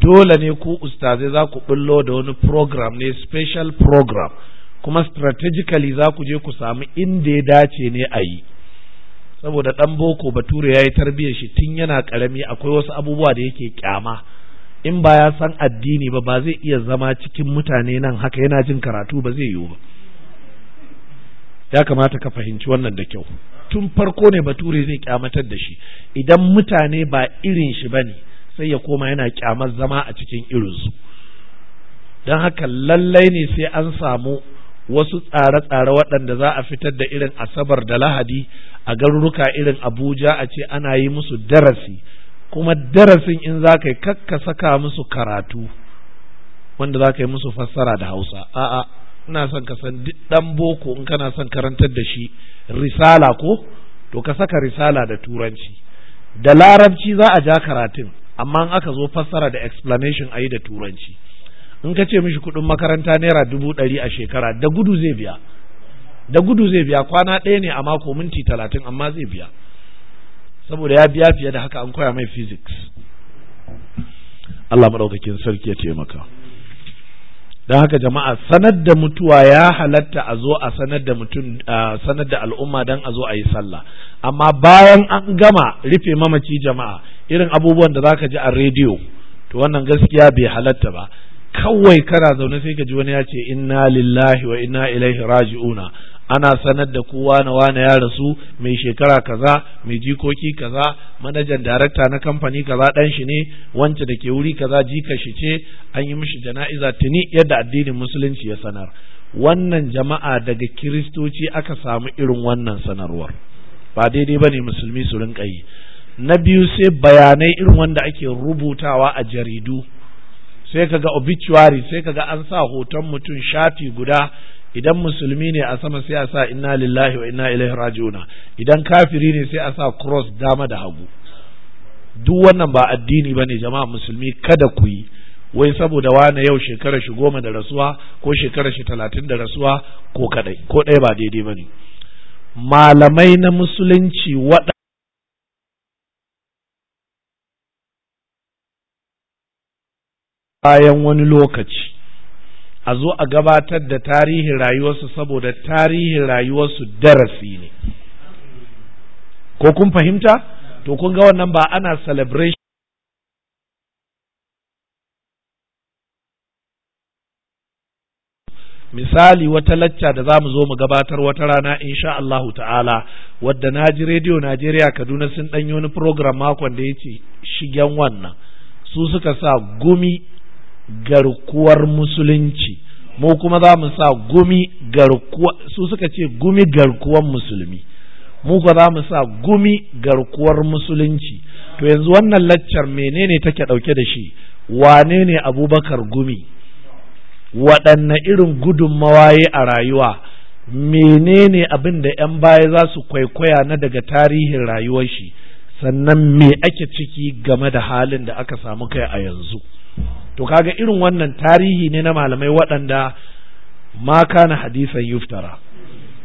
Speaker 1: dole ne ku ustazai za ku ɓullo da wani program ne special program kuma strategically za ku je ku samu inda ya dace ne a yi saboda ɗan boko bature ya yi tarbiyyar shi tun yana ƙarami akwai wasu abubuwa da yake kyama in ba ya san addini ba ba zai iya zama cikin mutane nan haka yana jin karatu ba zai yiwu ba ya kamata ka fahimci wannan da kyau tun farko ne bature zai kyamatar da shi idan mutane ba irin shi bane sai ya koma yana kyamar zama a cikin irinsu don haka lallai ne sai an samu wasu tsare-tsare waɗanda za a fitar da irin asabar da lahadi a garuruka irin abuja a ce ana yi musu darasi kuma darasin in za ka yi kakka saka musu karatu wanda za ka yi musu fassara da hausa a'a ina son ka san duk dan boko in kana son karantar da shi risala ko to ka saka risala da turanci da larabci za a ja karatun amma in aka zo fassara da explanation a yi da turanci in ka ce mishi kuɗin makaranta naira dubu ɗari a shekara da gudu zai biya da gudu zai biya kwana ɗaya ne a mako minti talatin amma zai biya saboda ya biya fiye da haka an koya mai physics Allah maɗaukakin sarki ya taimaka don haka jama'a sanar da mutuwa ya halatta a zo a sanar da mutum sanar da al'umma don a zo a yi sallah amma bayan an gama rufe mamaci jama'a irin abubuwan da zaka ji a rediyo to wannan gaskiya bai halatta ba kawai kana zaune sai ka ji wani ya ce inna lillahi wa inna ilaihi raji'una ana sanar da kowa na wane ya rasu mai shekara kaza mai jikoki kaza manajan darakta na kamfani kaza dan shi ne wance da ke wuri kaza jika shi ce an yi mishi jana'iza tuni yadda addinin musulunci ya sanar wannan jama'a daga kiristoci aka samu irin wannan sanarwar ba daidai ba ne musulmi su rinka yi na biyu sai bayanai irin wanda ake rubutawa a jaridu sai kaga obituary sai kaga an sa hoton mutum shati guda idan musulmi ne a sama sai a sa inna lillahi wa inna ilaihi raji'una idan kafiri ne sai a sa cross dama da hagu duk wannan ba addini bane jama'a musulmi kada ku yi wai saboda wani yau shekara shi goma da rasuwa ko shekara shi talatin da rasuwa ko kadai ko ɗaya ba daidai bane malamai na musulunci waɗanda bayan wani lokaci a zo a gabatar da tarihin rayuwarsu saboda tarihin rayuwarsu darasi ne ko kun fahimta to kun ga wannan ba ana celebration misali wata lacca da za mu zo mu gabatar wata rana insha Allahu ta'ala wadda na ji rediyo Najeriya Kaduna sun ɗanyo wani program makon da ya ce shigen wannan su suka sa gumi garkuwar musulunci mu kuma za mu sa gumi garkuwa su suka ce gumi garkuwar musulmi mu kuma za mu sa gumi garkuwar musulunci to yanzu wannan laccar menene take ɗauke da shi wane ne abubakar gumi waɗanne irin mawaye a rayuwa menene abin da 'yan baya za su kwaikwaya na daga tarihin rayuwar shi sannan me ake ciki game da halin da aka samu kai a yanzu to kaga irin wannan tarihi ne na malamai waɗanda ma kana hadisan yuftara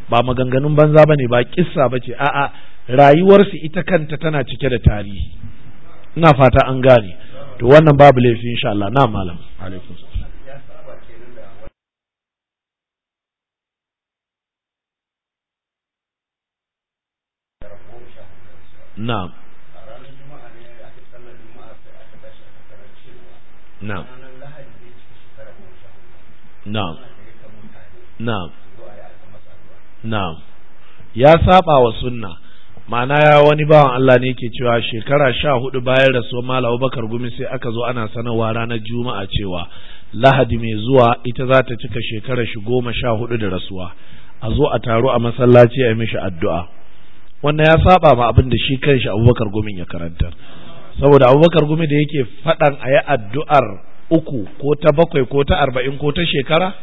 Speaker 1: ba maganganun banza bane ba kissa bace a'a rayuwarsu ita kanta tana cike da tarihi ina fata an gane to wannan babu laifi insha Allah na malam na'am na'am na'am na'am ya saba wa sunna ma'ana ya wani bawan Allah ne ke cewa shekara sha hudu bayan rasuwar Malam Bakar Gumi sai aka zo ana sanarwa ranar Juma'a cewa Lahadi mai zuwa ita za ta cika shekara shi goma sha hudu da rasuwa a zo a taro a masallaci a yi mishi addu'a wannan ya saba ma abin da shi kanshi Abubakar Gumin ya karanta. saboda abubakar gumi da yake faɗan a yi addu'ar uku ko ta bakwai ko ta arba'in ko ta shekara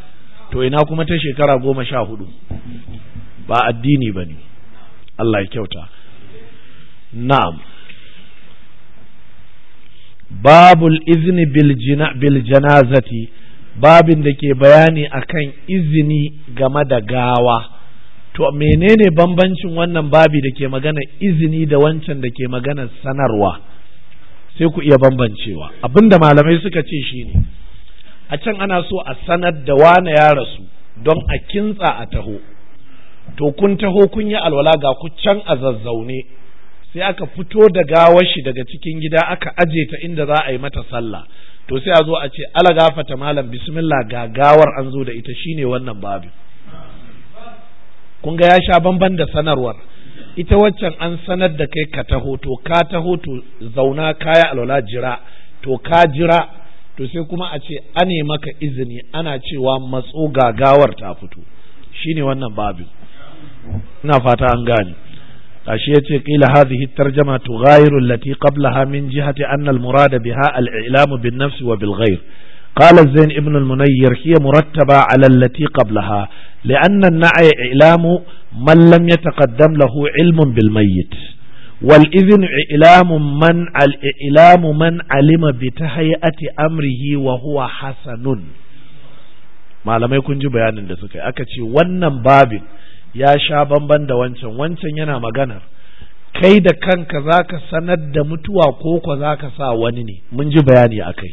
Speaker 1: to ina kuma ta shekara goma sha hudu ba addini ba ne Allah ya kyauta na'am babul izni bil janazati babin da ke bayani akan izini game da gawa to menene bambancin wannan babi da ke magana izini da wancan da ke magana sanarwa sai ku iya bambancewa abinda malamai suka ce shi ne. a can ana so a sanar da wane ya rasu don a kintsa a taho to kun taho kun yi alwala ga ku can a zazzaune sai aka fito da gawar shi daga cikin gida aka aje ta inda za a yi mata sallah to sai a zo a ce ala gafata malam bismillah ga gawar an zo da ita shine wannan babu kun ga ya sha bamban da sanarwar ita waccan an sanar da kai ka taho to ka taho to zauna kaya alwala jira to ka jira to sai kuma a ce ane maka izini ana cewa matso gagawar ta fito shine wannan babu ina fata an gane kashi yace qila hadhihi tarjama tughayiru allati qablaha min jihati anna al-murad biha al-i'lam bin nafs wa bil ghayr قال زين ابن المنير هي مرتبة على التي قبلها لأن النعي إعلام من لم يتقدم له علم بالميت والإذن إعلام من الإعلام من علم بتهيئة أمره وهو حسن malamai kun ji bayanin da suka yi aka ce wannan babin ya sha bamban da wancan wancan yana maganar kai da kanka zaka sanar da mutuwa ko ko zaka sa wani ne mun ji bayani akai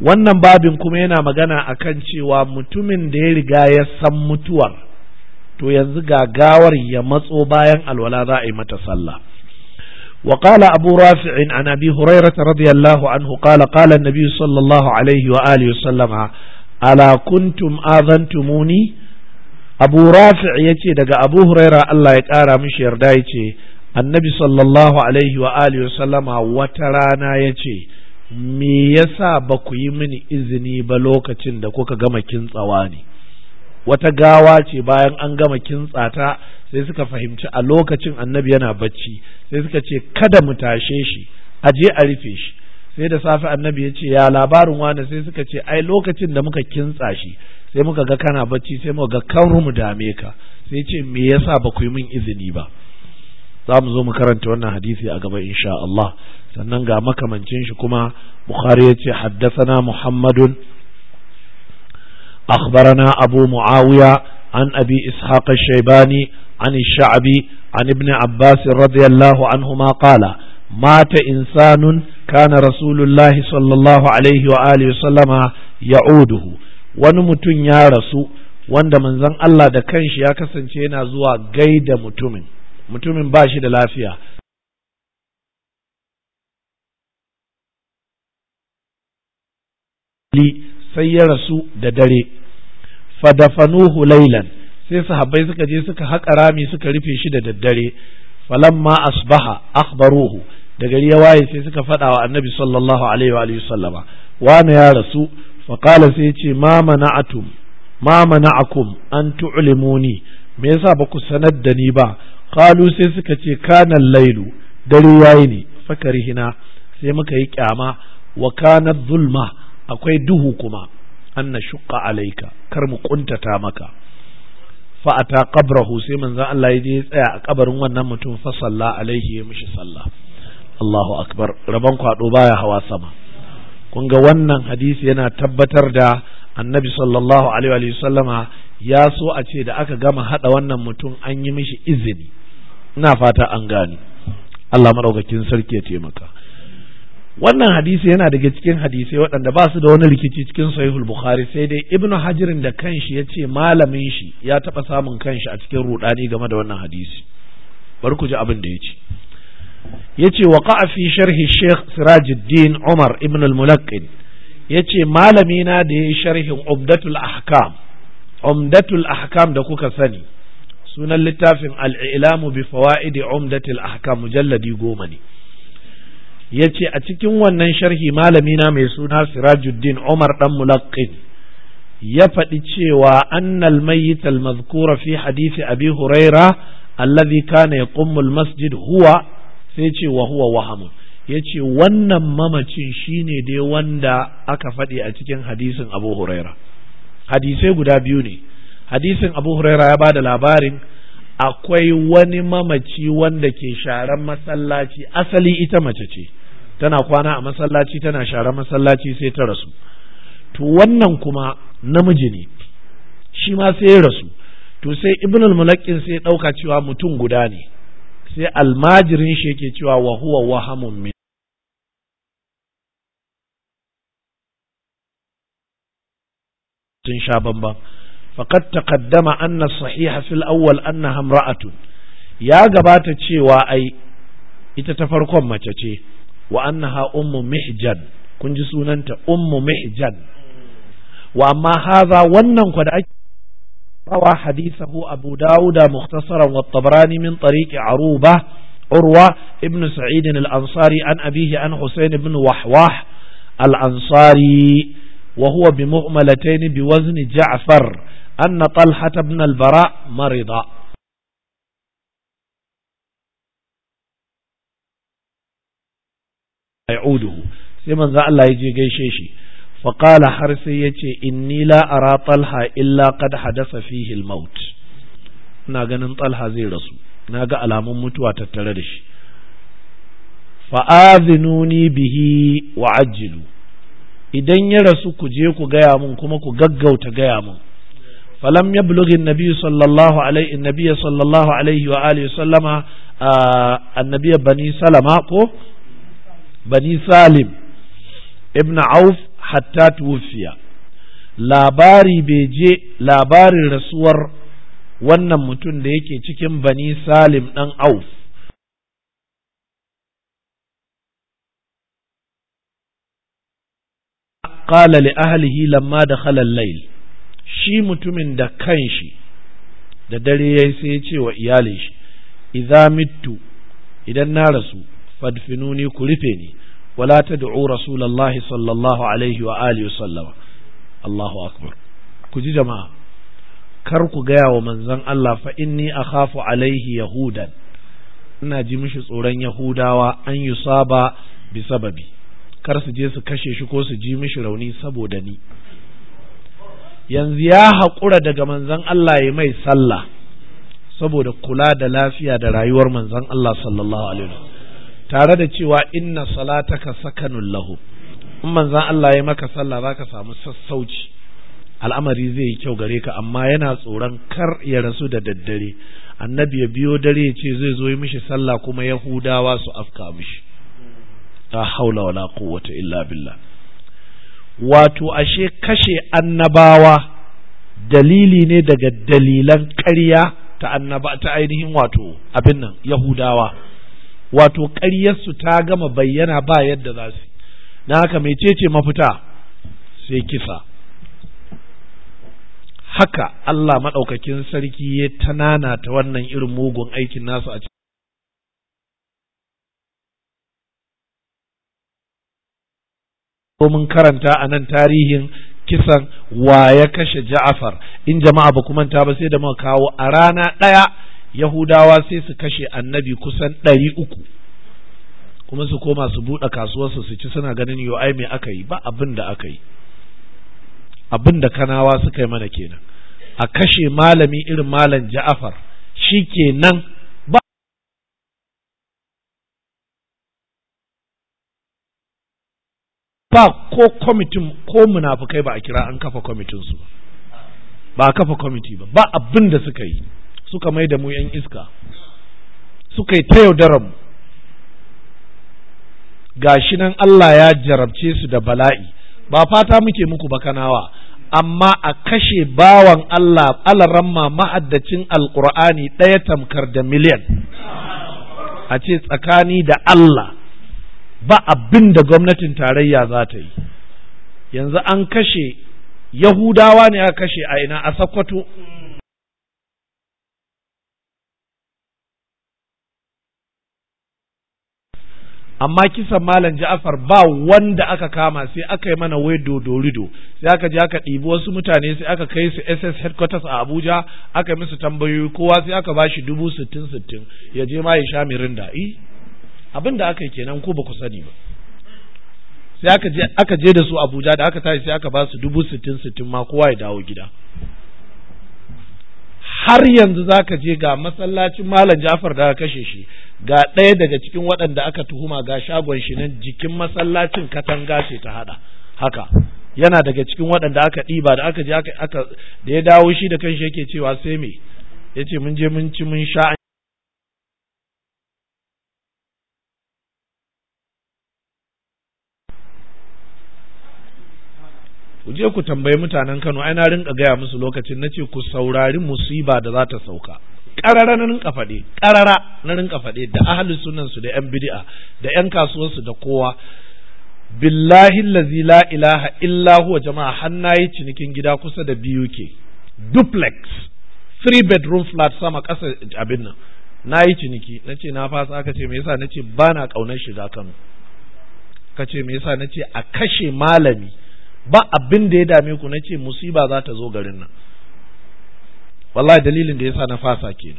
Speaker 1: wannan babin kuma yana magana akan cewa mutumin da ya riga ya san mutuwar to yanzu gagawar ya matso bayan alwala za a yi mata sallah وقال أبو رافع عن أبي هريرة رضي الله عنه قال قال النبي صلى الله عليه وآله وسلم ألا كنتم آذنتموني أبو رافع يتي دقى أبو هريرة الله يتعالى مش يردايتي النبي صلى الله عليه وآله وسلم وترانا يتي me yasa ba ku yi mini izini ba lokacin da kuka gama kintsawa ne wata gawa ce bayan an gama kintsata sai suka fahimci a lokacin annabi yana bacci sai suka ce kada mu tashe shi a je a rufe shi sai da safe annabi ya ce ya labarin wani sai suka ce ai lokacin da muka kintsa shi sai muka ga kana bacci sai muka ga kan mu dame ka sai ce me yasa ba ku yi min izini ba za mu zo mu karanta wannan hadisi a gaba insha Allah sannan ga makamancin shi kuma bukhari ya ce haddasana muhammadun akhbarana abu muawiya an abi ishaq shaibani an sha'abi an ibn abbas radiyallahu anhuma qala mata insanun kana rasulullahi sallallahu alaihi wa alihi sallama ya'uduhu wani mutum ya rasu wanda manzon Allah da kanshi ya kasance yana zuwa gaida mutumin mutumin ba shi da lafiya li sai ya rasu da dare fadafanuhu laylan sai sahabbai suka je suka haƙa rami suka rufe shi da daddare falamma asbaha akhbaruhu da gari ya waye sai suka faɗa wa annabi sallallahu alaihi wa sallama wani ya rasu Fa qala sai ya ce ma mana'atum ma mana'akum an tu'limuni me yasa ba ku sanar da ni ba qalu sai suka ce kana lailu dare yayi ne fakarihina sai muka yi kyama wa kana zulma akwai duhu kuma an na shuka alaika kar mu kuntata maka fa'ata qabrahu sai manzan Allah ya je tsaya a kabarin wannan mutum fa salla alaihi ya mishi sallah Allahu akbar rabon kwado baya hawa sama kun ga wannan hadisi yana tabbatar da annabi sallallahu alaihi wa sallama ya so a ce da aka gama hada wannan mutum an yi mishi izini ina fata an gani. Allah madaukakin sarki ya taimaka wannan hadisi yana daga cikin hadisai waɗanda ba su da wani rikici cikin sahihul bukhari sai dai ibnu hajirin da kanshi ya ce malamin shi ya taɓa samun kanshi a cikin rudani game da wannan hadisi bari ku ji abin da ya ce ya ce wa fi sharhi sheikh sirajuddin umar ibn al-mulaqin ya ce malamina da ya yi sharhin umdatul ahkam umdatul ahkam da kuka sani sunan littafin al-ilamu bi fawaidi umdatul ahkam mujalladi goma ne ya ce a cikin wannan sharhi malami na mai suna sirajuddin umar dan mulaqin ya faɗi cewa annal mayyit al mazkura fi hadisi abi huraira alladhi kana yaqumul masjid huwa sai ce wa huwa wahamu yace wannan mamacin shine dai wanda aka faɗi a cikin hadisin abu huraira hadisai guda biyu ne hadisin abu huraira ya bada labarin akwai wani mamaci wanda ke sharan masallaci asali ita mace ce tana kwana a masallaci tana share masallaci sai ta rasu to wannan kuma namiji ne shi ma sai ya rasu to sai ibn al-mulaqqin sai dauka cewa mutum guda ne sai almajirin shi yake cewa wa huwa wahamun min sha bamban faqad taqaddama anna sahiha fil awwal annaha imra'atun ya gabata cewa ai ita ta farkon mace ce wa annaha ummu mihjan kun ji sunanta ummu mihjan wa amma haza wannan ku da ake rawa hadisahu abu da'uda mukhtasaran wa tabrani min tariqi aruba urwa ibn sa'id al-ansari an abihi an husayn ibn wahwah al-ansari wa huwa bi mu'malatayn bi wazni ja'far anna talha ibn al-bara marida ya'uduhu sai manzon Allah ya je gaishe shi fa qala har sai yace inni la ara talha illa qad hadasa fihi al-maut ina ganin talha zai rasu na ga alamun mutuwa tattare da shi fa'azinuni bihi wa ajilu idan ya rasu ku je ku gaya mun kuma ku gaggauta gaya mun falam ya bulughi nabi sallallahu alaihi nabi sallallahu alaihi wa alihi sallama annabiya bani salama ko bani salim ibn auf hatta tuwfiya labari bai je labarin rasuwar wannan mutum da yake cikin bani salim ɗan auf qala li ahlihi lamma da al-layl shi mutumin da kanshi da dare yayi sai ya ce wa iyalin shi idan na rasu fadfinuni ku rufe ni wala du'u rasulullahi sallallahu alaihi wa alihi wa sallama Allahu akbar ku ji jama'a kar ku gaya wa manzon Allah fa inni akhafu alaihi yahudan ina ji mishi tsoron yahudawa an yusaba bi sababi kar su je su kashe shi ko su ji mishi rauni saboda ni yanzu ya haƙura daga manzon Allah ya mai sallah saboda kula da lafiya da rayuwar manzon Allah sallallahu alaihi tare da cewa inna salataka sakanun lahu in manzan Allah ya maka sallah za ka samu sassauci al'amari zai yi kyau gare ka amma yana tsoron kar ya rasu da daddare annabi ya biyo dare ya ce zai zo yi mishi sallah kuma yahudawa su afka mishi la haula wala quwwata illa billah wato ashe kashe annabawa dalili ne daga dalilan ƙarya ta annaba ta ainihin wato abin nan yahudawa wato ƙaryarsu ta gama bayyana ba yadda za su na haka mecece mafita sai kisa haka Allah maɗaukakin sarki ya tanana ta wannan irin mugun aikin nasu a mun karanta a nan tarihin kisan wa ya kashe ja'afar in jama'a ba manta ba sai da muka kawo a rana ɗaya yahudawa sai su kashe annabi kusan ɗari uku kuma su koma su buɗe kasuwarsu su ci suna ganin yo ai me aka yi ba abin da aka yi abin da kanawa suka yi mana kenan a kashe malami irin malam ja'afar shi kenan ba ba ko kwamitin ko munafukai ba a kira an kafa kwamitinsu ba a kafa kwamiti ba ba abin da suka yi suka mai da mu yan iska suka yi ta yaudaran gashi nan Allah ya jarabce su da bala'i ba fata muke muku bakanawa amma a kashe bawan Allah alaramma ma'addacin alkur'ani ɗaya tamkar da miliyan a ce tsakani da Allah ba abin da gwamnatin tarayya za ta yi yanzu an kashe yahudawa ne aka kashe a ina a sakwato amma kisan malam ja'afar ba wanda aka kama sai aka yi mana wai dodorido sai aka je aka ɗibi wasu mutane sai aka kai su ss headquarters a abuja aka yi musu tambayoyi kowa sai aka ba shi dubu sittin sittin ya je ma ya sha mirin da'i eh, abin da aka yi kenan ko ba ku sani ba sai aka je aka je da su abuja da aka tashi sai aka ba su dubu sittin sittin ma kowa ya dawo gida har yanzu za ka je ga masallacin malam ja'afar da aka kashe shi ga ɗaya daga cikin waɗanda aka tuhuma ga shagon shi nan jikin masallacin katanga ce ta haɗa haka yana daga cikin waɗanda aka ɗiba da aka je aka da ya dawo shi da kanshi yake cewa sai me yace mun je mun ci mun sha ku je ku tambayi mutanen Kano ai na rinka gaya musu lokacin nace ku saurari musiba da za ta sauka karara na rinka faɗe karara na rinka faɗe da ahalin sunan su da yan bid'a da yan kasuwar da kowa billahi allazi la ilaha illa huwa jama'a hannaye cinikin gida kusa da biyu ke duplex three bedroom flat sama ƙasa abin nan na yi ciniki na ce na fasa aka ce me yasa na ce ba na ƙaunar shiga kano ka ce me yasa na ce a kashe malami ba abin da ya dame ku na ce musiba za ta zo garin nan wallahi dalilin da yasa na fasa kenan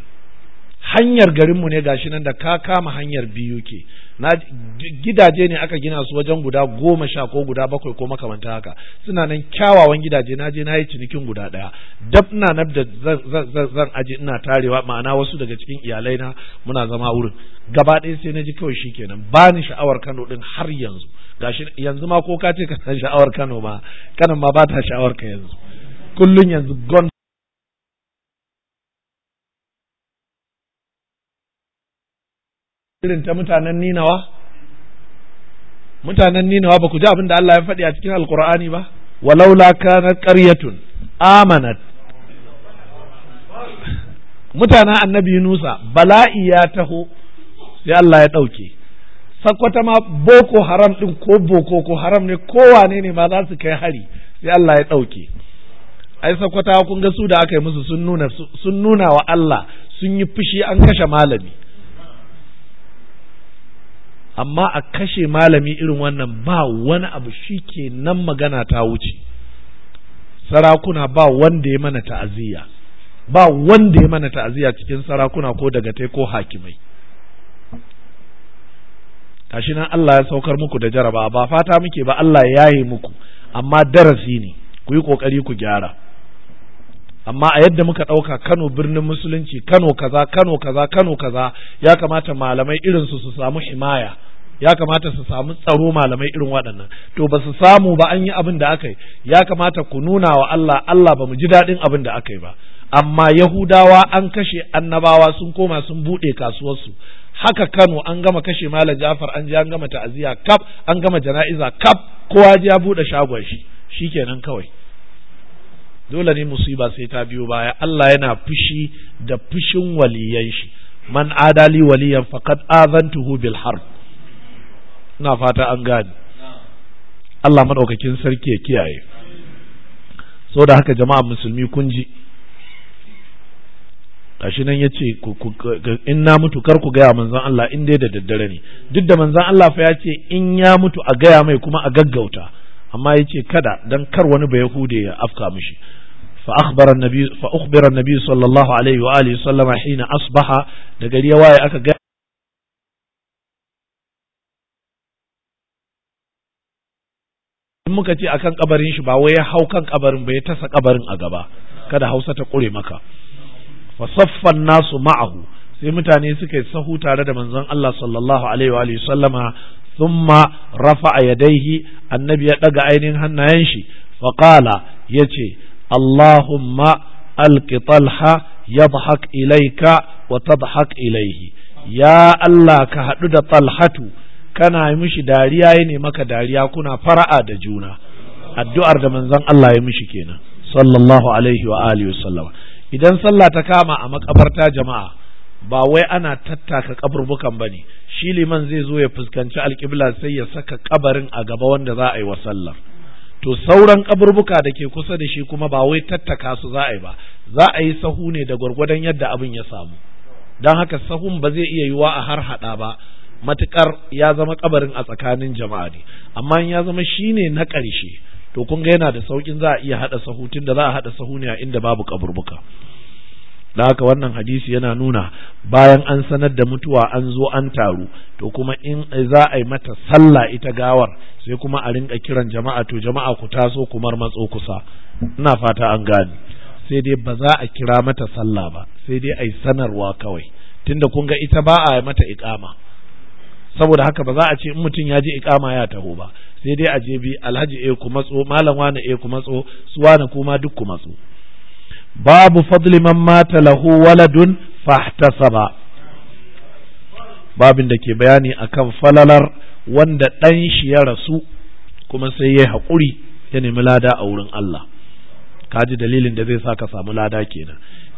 Speaker 1: hanyar garinmu ne gashi nan da ka kama hanyar biyu ke na gidaje ne aka gina su wajen guda goma sha ko guda bakwai ko makamanta haka suna nan kyawawan gidaje na je na yi cinikin guda ɗaya dab na nab da zan aje ina tarewa ma'ana wasu daga cikin iyalai na muna zama wurin gaba ɗaya sai na ji kawai shi kenan. Bani sha'awar Kano din har yanzu gashi yanzu ma ko ka ce kana sha'awar Kano ma kanan ma ba ta sha'awar ka yanzu kullun yanzu gon. irin ta mutanen ninawa mutanen ninawa ba ku ji abin da Allah ya faɗi a cikin alkur'ani ba walaula kanat qaryatun amanat mutanen annabi Yunusa bala'i ya taho sai Allah ya ɗauke sakwata ma boko haram ɗin ko boko ko haram ne wane ne ma za su kai hari sai Allah ya ɗauke ai sakwata kun ga su da aka yi musu sun nuna sun nuna wa Allah sun yi fushi an kashe malami amma a kashe malami irin wannan ba wani abu shi ke nan magana ta wuce sarakuna ba wanda ya mana ta'aziyya ba wanda ya mana ta'aziyya cikin sarakuna ko daga tai ko hakimai kashi nan Allah ya saukar muku da jaraba ba fata muke ba Allah ya yi muku amma darasi ne ku yi kokari ku gyara amma a yadda muka ɗauka Kano birnin musulunci Kano kaza Kano kaza Kano kaza ya kamata malamai irinsu su samu himaya ya kamata su samu tsaro malamai irin waɗannan to ba su samu ba an yi abin da aka yi ya kamata ku nuna wa Allah Allah ba mu ji daɗin abin da aka yi ba amma Yahudawa an kashe annabawa sun koma sun buɗe kasuwarsu haka Kano an gama kashe Malam Jafar an ji an gama ta'aziya kaf an gama jana'iza kaf kowa ya buɗe shagon shi shikenan kawai dole ne musiba sai ta biyo baya Allah yana fushi da fushin waliyan shi man adali waliyan faqad azantuhu bil harb ina fata an gane Allah madaukakin sarki ya kiyaye so da haka jama'a musulmi kun ji gashi nan yace in na mutu kar ku gaya manzon Allah in dai da daddare ne duk da manzon Allah fa ya ce in ya mutu a gaya mai kuma a gaggauta amma yace kada dan kar wani bai hude ya afka mishi fa akhbara fa ukhbira annabi sallallahu alaihi wa alihi sallama hina asbaha da gari ya waye aka in muka ce akan kabarin shi ba wai ya hau kan kabarin ba ya tasa kabarin a gaba kada hausa ta kure maka fa saffan nasu ma'ahu sai mutane suka yi sahu tare da manzon Allah sallallahu alaihi wa sallama thumma rafa'a yadaihi annabi ya daga ainihin hannayen shi fa qala yace Allahumma alqi talha yadhhak ilayka wa tadhhak ilayhi ya Allah ka hadu da talhatu kana mishi dariya ya ne maka dariya kuna fara'a da juna addu'ar da manzon Allah ya mishi kenan sallallahu alaihi wa alihi idan sallah ta kama a makabarta jama'a ba wai ana tattaka kaburbukan bane shi liman zai zo ya fuskanci alƙibla sai ya saka kabarin a gaba wanda za a yi wa sallar to sauran kaburbuka da ke kusa da shi kuma ba wai tattaka su za a yi ba za a yi sahu ne da gwargwadon yadda abin ya samu don haka sahun ba zai iya yiwa a har hada ba matukar ya zama kabarin a tsakanin jama'a ne amma in ya zama shine na ƙarshe to kun ga yana da saukin za a iya hada sahu da za a hada sahu ne a inda babu kaburbuka da haka wannan hadisi yana nuna bayan an sanar da mutuwa an zo an taru to kuma in za a yi mata sallah ita gawar sai kuma a rinka kiran jama'a to jama'a ku taso kumar matso kusa ina fata an gane sai dai ba za a kira mata sallah ba sai dai a yi sanarwa kawai tunda kun ga ita ba a mata ikama. saboda haka ba za a ce in mutum ya je ikama ya taho ba sai dai a je bi alhaji e ku matso malam wani e ku matso su wani kuma duk ku matso babu fadli man mata lahu waladun fahtasaba babin da ke bayani akan falalar wanda ɗan shi ya rasu kuma sai ya haƙuri ya nemi lada a wurin Allah Ka ji dalilin da zai sa ka samu lada kenan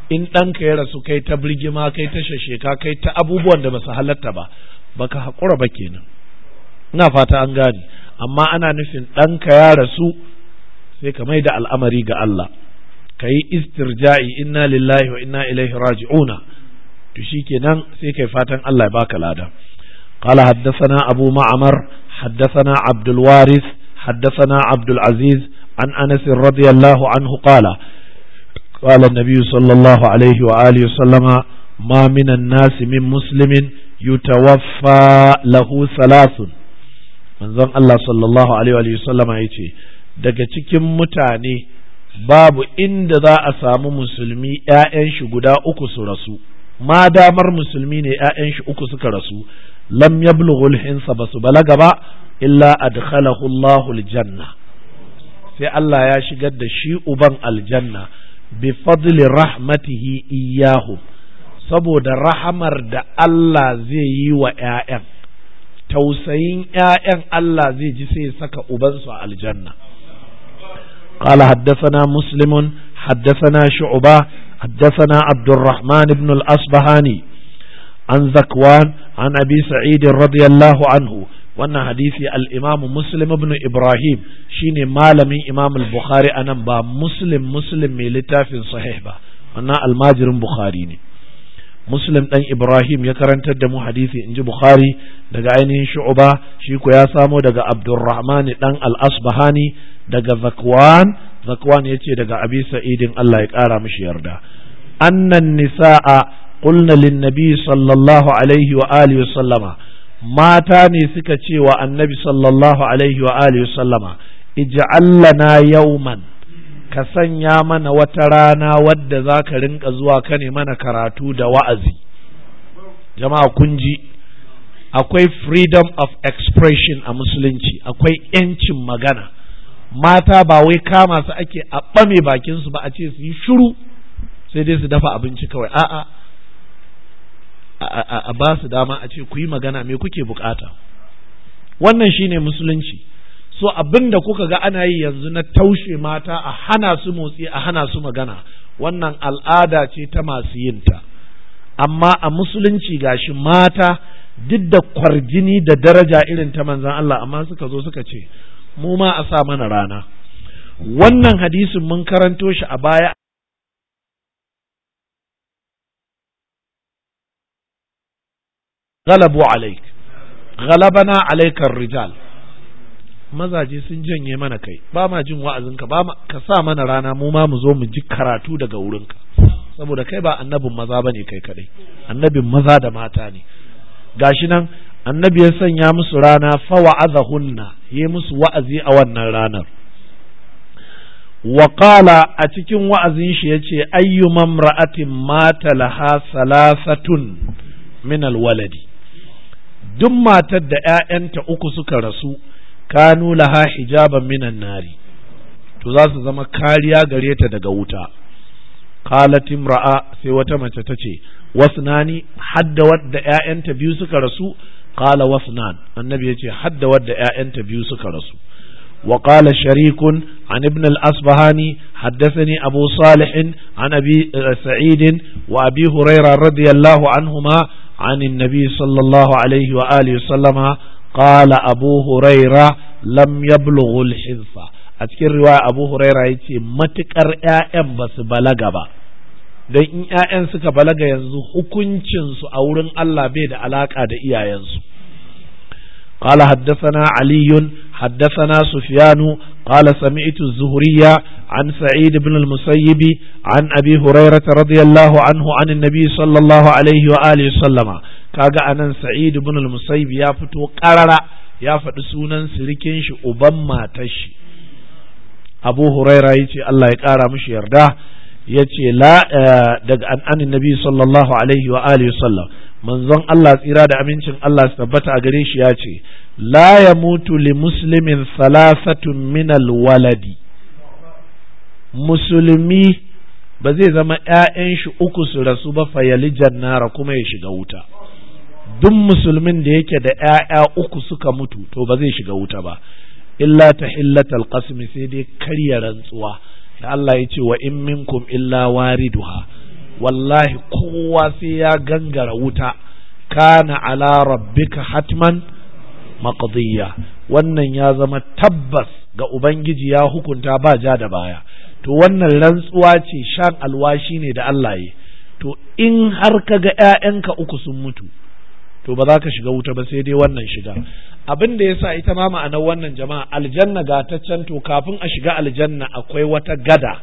Speaker 1: in ɗanka ya rasu kai ta birgima kai ta shasheka kai ta abubuwan da ba su halatta ba baka haƙura ba kenan ina fata an gane amma ana nufin ɗanka ya rasu sai ka mai da al'amari ga Allah ka yi istirja'i inna lillahi wa inna ilaihi raji'una to shikenan sai kai fatan Allah ya baka lada Kala haddasana abu ma'amar haddathana abdul waris haddathana abdul aziz an anas radiyallahu anhu qala qala an sallallahu alayhi wa alihi wa sallama ma minan nasi yutawaffa lahu salasun manzon Allah sallallahu alaihi wa sallama yace daga cikin mutane babu inda za a samu musulmi ‘ya'yan shi guda uku su rasu, ma damar musulmi ne ‘ya'yan shi uku suka rasu, lam yablughul hinsa basu balaga ba, illa adkhalahu Allahul janna. Sai Allah ya shigar da shi uban aljanna, bi fadli rahmatihi iyahu saboda rahamar da Allah zai yi wa ‘ya'yan tausayin ‘ya'yan Allah zai ji sai saka ubansu a aljanna قال haddasa مسلم حدثنا شعبة حدثنا عبد الرحمن بن الأصبهاني عن ذكوان عن أبي سعيد رضي الله عنه wannan hadisi al'imam muslim ibrahim shine malamin imam bukhari anan ba muslim muslim mai littafin sahih ba wannan almajirin bukhari ne muslim dan ibrahim ya karantar da mu hadisi in ji bukhari daga ainihin shu'uba shi ku ya samo daga abdurrahman dan al-asbahani daga zakwan zakwan yace daga abi sa'idin Allah ya kara mishi yarda annan nisa'a qulna lin nabi sallallahu alaihi wa alihi wa sallama mata ne suka ce wa annabi sallallahu alaihi wa alihi wa sallama ij'al lana yawman ka sanya mana wata rana wadda za ka rinka zuwa ka ne mana karatu da wa'azi jama'a kun ji akwai freedom of expression a musulunci akwai 'yancin magana mata ba wai kama su ake a ɓame bakinsu ba a ce su yi shuru sai dai su dafa abinci kawai a'a a ba su dama a ce ku yi magana me kuke bukata wannan shine musulunci so abin da kuka ga ana yi yanzu na taushe mata a hana su motsi a hana su magana wannan al'ada ce ta masu yinta amma a musulunci gashi mata duk da kwarjini da daraja irin ta manzan Allah amma suka zo suka ce mu ma a sa mana rana wannan hadisin mun karanto shi a baya galabu alaik galabana alaikar rijal mazaje sun janye mana kai ba ma jin wa'azinka ba ka sa mana rana mu ma mu zo mu ji karatu daga wurinka saboda kai ba annabin maza bane kai kadai annabin maza da mata ne gashi nan annabi ya sanya musu rana fa wa'azahunna yi musu wa'azi a wannan ranar Wakala a cikin wa'azin shi yace ayyuman ra'atin mata laha salasatun min alwaladi duk matar da ‘ya'yanta uku suka rasu kanu laha hijaban minan nari to za su zama kariya gare ta daga wuta qalat imra'a sai wata mace ta ce wasnani hadda wadda ƴaƴanta biyu suka rasu qala wasnan annabi yace hadda wadda ƴaƴanta biyu suka rasu وقال شريك عن ابن الأصبهاني حدثني أبو صالح عن أبي سعيد وأبي هريرة رضي الله anhuma عن النبي صلى الله عليه وآله وسلم qala abu huraira lam yablughu al-hizfa a cikin riwaya abu huraira yace matukar ƴaƴan ba su balaga ba don in ƴaƴan suka balaga yanzu hukuncinsu a wurin Allah bai da alaƙa da iyayensu قال حدثنا علي حدثنا سفيان قال سمعت الزهري عن سعيد بن المسيب عن أبي هريرة رضي الله عنه عن النبي صلى الله عليه وآله وسلم kaga anan sa'id ibn al-musayyib ya fito karara ya faɗi sunan sirikin shi uban matar shi abu huraira yace Allah ya ƙara mishi yarda yace la eh, daga annabi nabi sallallahu alaihi wa alihi sallam manzon Allah tsira da amincin Allah su tabbata a gare shi yace ce la ya li muslimin salasatun minal waladi musulmi ba zai zama ‘ya'yan shi uku su rasu ba fayali jannara kuma ya shiga wuta duk musulmin da yake da ‘ya'ya uku suka mutu to ba zai shiga wuta ba illa ta hillatal qasmi sai dai karya rantsuwa da Allah ya ce wa in minkum illa wariduha wallahi kowa sai ya gangara wuta kana ala rabbika hatman maqdiya wannan ya zama tabbas ga ubangiji ya hukunta ba ja da baya to wannan rantsuwa ce shan alwashi ne da Allah yi to in har kaga ‘ya'yanka uku sun mutu to ba za ka shiga wuta ba sai dai wannan shiga abin da yasa ita ma ma'anar wannan jama'a aljanna ga gataccen to kafin a shiga aljanna akwai wata gada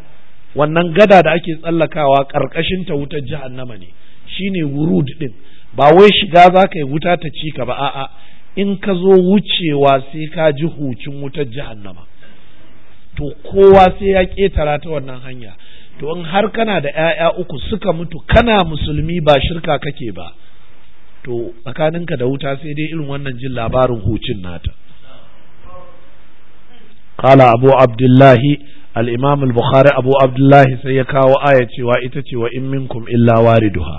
Speaker 1: wannan gada da ake tsallakawa karkashin ta wutar jahannama ne shine wurud din ba wai shiga za ka yi wuta ta ci ka ba a'a in ka zo wucewa sai ka ji hucin wutar jahannama to kowa sai ya ketara ta wannan hanya to in har kana da 'ya'ya uku suka mutu kana musulmi ba shirka kake ba to tsakaninka da wuta sai dai irin wannan jin labarin hucin nata kala abu abdullahi al-imam al-bukhari abu abdullahi sai ya kawo aya cewa ita ce wa in minkum illa wariduha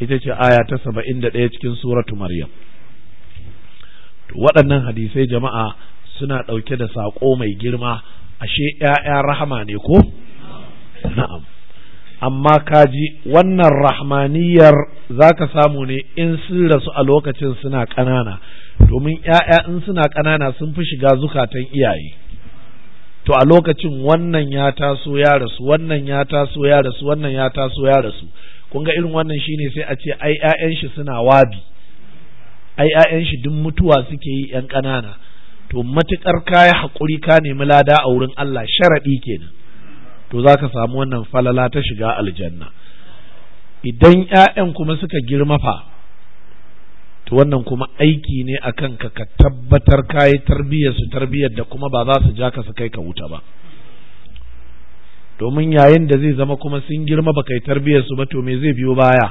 Speaker 1: ita ce aya ta saba'in da ɗaya cikin suratu maryam to waɗannan hadisai jama'a suna ɗauke da sako mai girma ashe ‘ya'ya rahama ne ko na'am amma kaji wannan rahmaniyar za ka samu ne in sun rasu a lokacin suna ƙanana domin ‘ya'ya in suna ƙanana sun fi shiga zukatan iyaye to a lokacin wannan ya taso ya rasu wannan ya taso ya rasu wannan ya taso ya rasu kun ga irin wannan shine sai a ce ai ‘ya'yan shi suna wabi ai ‘ya'yan shi duk mutuwa suke yi ‘yan ƙanana to matuƙar ka kaya haƙuri ka nemi lada a wurin Allah sharaɗi kenan to za ka samu wannan falala ta shiga aljanna idan ‘ya'yan kuma suka girma fa to wannan kuma aiki ne a kanka ka tabbatar kayi tarbiyyar su tarbiyyar da kuma ba za su ja ka su kai ka wuta ba domin yayin da zai zama kuma sun girma ba kai tarbiyyar su ba to me zai biyo baya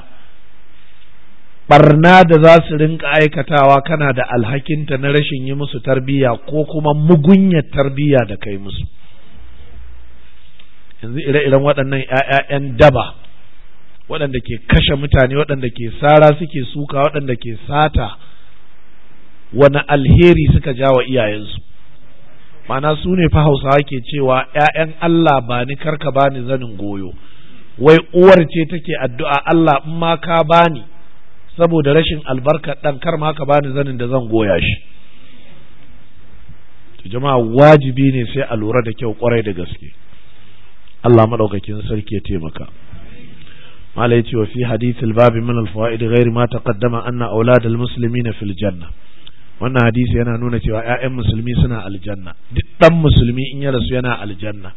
Speaker 1: barna da za su rinka aikatawa kana da alhakinta na rashin yi musu tarbiyya ko kuma mugunyar tarbiyya da kai musu yanzu ire-iren waɗannan ‘ya'ya'yan daba waɗanda ke kashe mutane waɗanda ke sara suke suka waɗanda ke sata wani alheri suka ja wa iyayensu mana su ne fa hausawa ke cewa ‘ya'yan Allah ba ni karka ba ni zanin goyo wai uwar ce take addu'a Allah in ma ka bani saboda rashin albarka ɗan kar ma ka bani zanin da zan goya shi jama'a wajibi ne sai a lura da kyau kwarai da gaske Allah madaukakin sarki ya taimaka mala yace wa fi hadithil babi min al fawaid ghairi ma taqaddama anna aulad al muslimina fil janna wannan hadisi yana nuna cewa ƴaƴan musulmi suna aljanna duk ɗan musulmi in ya rasu yana aljanna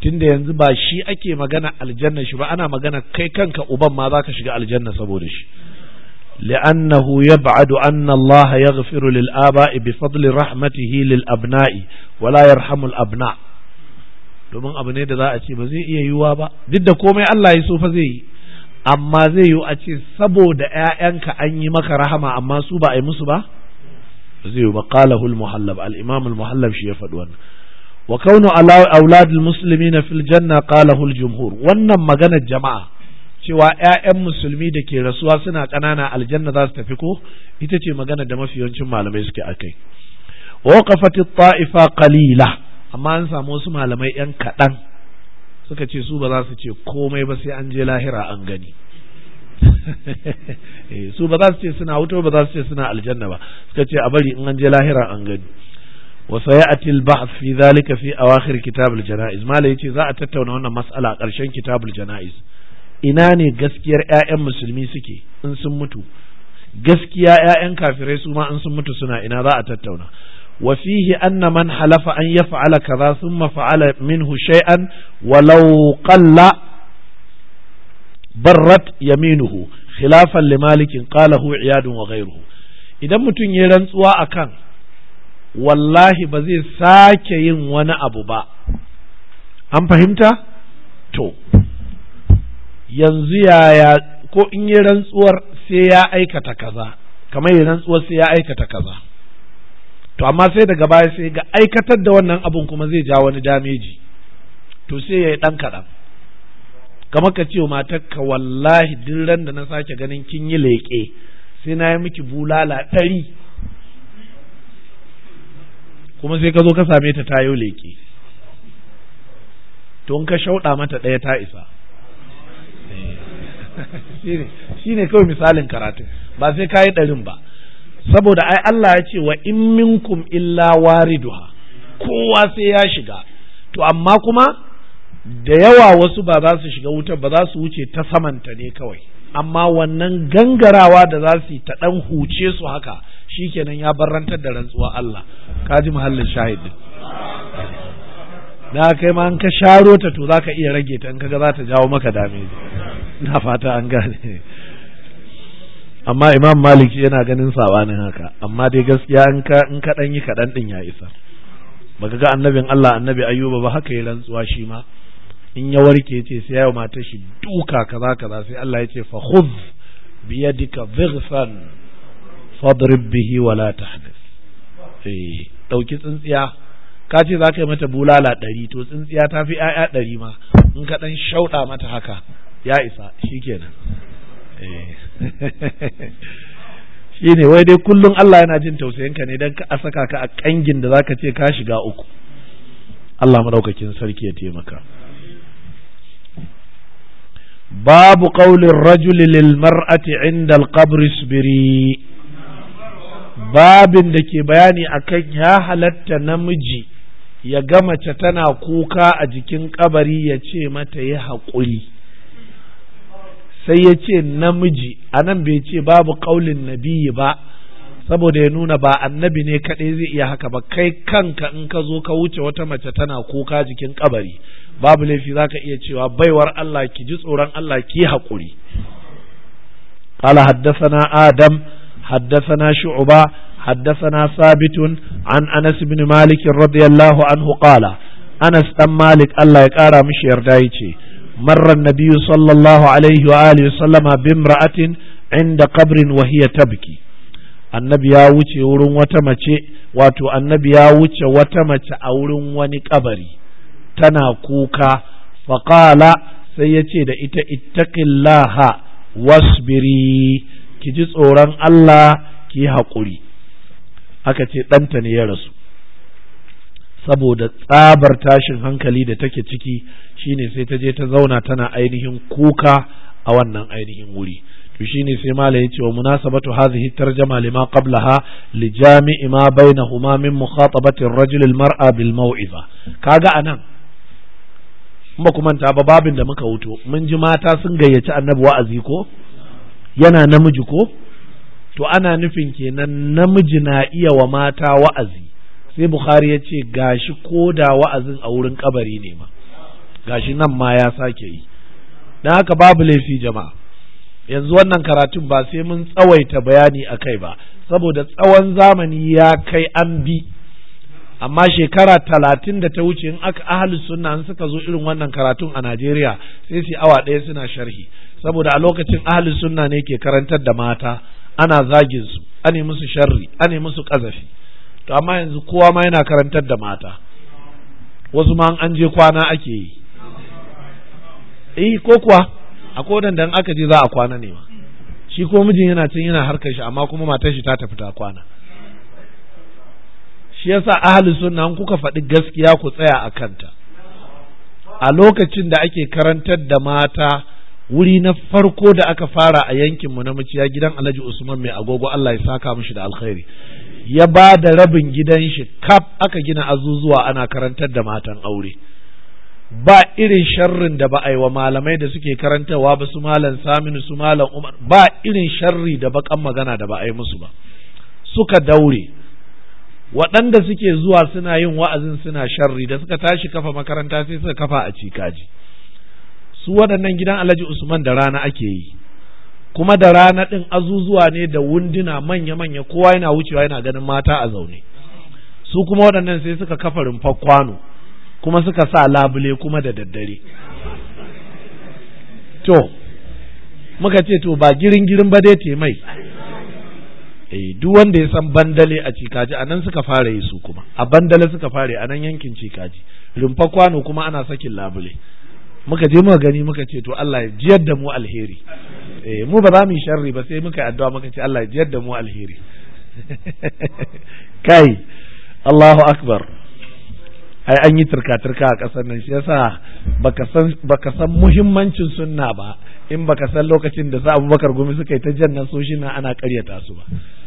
Speaker 1: tunda yanzu ba shi ake magana aljanna shi ba ana magana kai kanka uban ma zaka shiga aljanna saboda shi لأنه يبعد أن الله يغفر للآباء بفضل رحمته للأبناء ولا يرحم الأبناء domin abu ne da za a ce ba zai iya yiwuwa ba duk da komai Allah ya so fa zai yi amma zai yiwu a ce saboda ƴaƴanka an yi maka rahama amma su ba a yi musu ba zai yiwu ba al-muhallab al-imam al-muhallab shi ya faɗi wannan wa kaunu aulad al-muslimin fil janna qalahu jumhur wannan maganar jama'a cewa ƴaƴan musulmi da ke rasuwa suna ƙanana aljanna za su tafi ko ita ce maganar da mafi yawancin malamai suke akai ووقفت الطائفة قليلة amma an samu wasu malamai yan kaɗan suka ce su ba za su ce komai ba sai an je lahira an gani eh, su ba za su ce suna wuto ba za su ce suna aljanna ba suka ce a bari in an je lahira an gani wa sayati al-bahth fi zalika fi awakhir kitab janaiz malai yace za a tattauna wannan mas'ala a ƙarshen kitab janaiz ina ne gaskiyar ƴaƴan musulmi suke in sun mutu gaskiya ƴaƴan kafirai su ma in sun mutu suna ina za a tattauna وفيه أن من حلف أن يفعل كذا ثم فعل منه شيئا ولو قل برت يمينه خلافا لمالك قاله عياد وغيره idan mutum ya rantsuwa akan wallahi ba zai sake yin wani abu ba an fahimta to yanzu yaya ko in yi rantsuwar sai ya aikata kaza kamar yi rantsuwar sai ya aikata kaza to amma sai daga baya sai ga aikatar da wannan abun kuma zai ja wani dameji to sai ya yi ɗan kaɗan kamar ka ce ka wallahi duk ran da na sake ganin kin yi leƙe sai na yi miki bulala ɗari kuma sai ka zo ka same ta tayo leƙe to in ka shauɗa mata ɗaya ta isa eh. shi ne kawai misalin karatu. ba sai ka yi ɗarin ba saboda ai Allah ya ce wa in minkum illa wariduha kowa sai ya shiga to amma kuma da yawa wasu ba za su shiga wutar ba za su wuce ta samanta ne kawai amma wannan gangarawa da za su yi ta ɗan huce su haka shikenan ya barrantar da rantsuwa Allah ka ji muhallin shahid da kai ma an ka sharo ta to zaka iya rage ta in kaga za ta jawo maka dame. na fata an gane amma imam malik yana ganin sabanin haka amma dai gaskiya in ka in ka dan yi kadan din ya isa baka ga annabin Allah annabi ayyuba ba haka ya rantsuwa shi ma in ya warke ya ce sai ya matar shi duka kaza kaza sai Allah yace ce fa khudh bi yadika dhighfan fadrib bihi wa la tahnas eh dauki tsintsiya ka ce zaka yi mata bulala ɗari to tsintsiya ta fi 'ya'ya ɗari ma in ka dan shauɗa mata haka ya isa shikenan Eh. shi ne wai dai kullum Allah yana jin tausayinka ne don a saka ka a kangin da zaka ce ka shiga uku Allah maɗaukakin sarki ya taimaka babu ƙaunin rajuli lil mar'ati inda al biri, babin da ke bayani akan ya halatta namiji ya ga mace tana kuka a jikin kabari ya ce mata yi haƙuri sai ya ce namiji a nan bai ce babu ƙaulin nabiyi ba saboda ya nuna ba annabi ne kaɗai zai iya haka ba kai kanka in ka zo ka wuce wata mace tana kuka jikin kabari babu laifi za ka iya cewa baiwar Allah ki ji tsoron Allah ki haƙuri قال حدثنا آدم حدثنا شعبة حدثنا ثابت عن أنس بن مالك رضي الله عنه قال أنس أم مالك الله يقارى مش يردايتي Marran النبي صلى الله عليه وآله وسلم بامرأة عند قبر وهي تبكي annabi ya wuce wurin wata mace annabi ya wuce wata mace a wurin wani ƙabari tana kuka faƙala sai ya ce da ita ittaqillaha wasbiri ki ji tsoron Allah ki yi haƙuri Haka ce ɗanta ne ya rasu saboda tsabar tashin hankali da take ciki shine sai ta je ta zauna tana ainihin kuka a wannan ainihin wuri to shine sai mala yace wa munasabatu hadhihi tarjama lima qablaha li jami'i ma bainahuma min mukhatabati ar-rajul al-mar'a bil maw'iza kaga anan ba kuma ta ba babin da muka wuto mun ji mata sun gayyaci annabi wa'azi ko yana namiji ko to ana nufin kenan namiji na iya wa mata wa'azi sai bukhari ya ce gashi ko da wa'azin a wurin kabari ne ma gashi nan ma ya sake yi don haka babu laifi jama'a yanzu wannan karatun ba sai mun tsawaita bayani a kai ba saboda tsawon zamani ya kai an bi amma shekara talatin da ta wuce in aka ahalus sunna an suka zo irin wannan karatun a Najeriya sai su awa ɗaya suna sharhi saboda a lokacin ahalus sunna ne ke karantar da mata ana zagin su ane musu sharri ane musu ƙazafi. to amma yanzu kowa ma yana karantar da mata wasu ma an je kwana ake yi eh ko kuwa a kodan dan aka je za a kwana ne ma shi ko mijin yana cin yana harkar shi amma kuma matar shi ta tafi ta kwana shi yasa ahli sunna an kuka faɗi gaskiya ku tsaya a kanta a lokacin da ake karantar da mata wuri na farko da aka fara a yankinmu na muciya gidan Alhaji Usman mai agogo Allah ya saka mishi da alkhairi ya ba da rabin gidan shi kaf aka gina azuzuwa ana karantar da matan aure ba irin sharrin da ba a yi wa malamai da suke karantawa ba su malam saminu su malam umar ba irin sharri da bakan magana da ba a yi musu ba suka daure waɗanda suke zuwa suna yin wa'azin suna sharri da suka tashi kafa makaranta sai suka kafa a cikaji su waɗannan gidan alhaji usman da rana ake yi kuma da rana ɗin azuzuwa ne da wunduna manya-manya kowa yana wucewa yana ganin mata a zaune su kuma waɗannan sai suka kafa rumfar kwano kuma suka sa labule kuma da daddare to muka ce to ba girin girin ba dai te mai eh duk wanda ya san bandale a cikaji a nan suka fara yi su kuma a bandale suka fare a nan yankin cikaji rumfar kwano kuma ana sakin labule muka je muka gani muka ce to Allah ya jiyar da mu alheri eh mu ba za mu yi sharri ba sai muka addu'a muka ce Allah ya jiyar da mu alheri kai Allahu akbar ai an yi turka-turka a kasar nan shi yasa baka san muhimmancin sunna ba in baka san lokacin da sa abubakar gumi suka yi ta janna so shi na ana ƙaryata su ba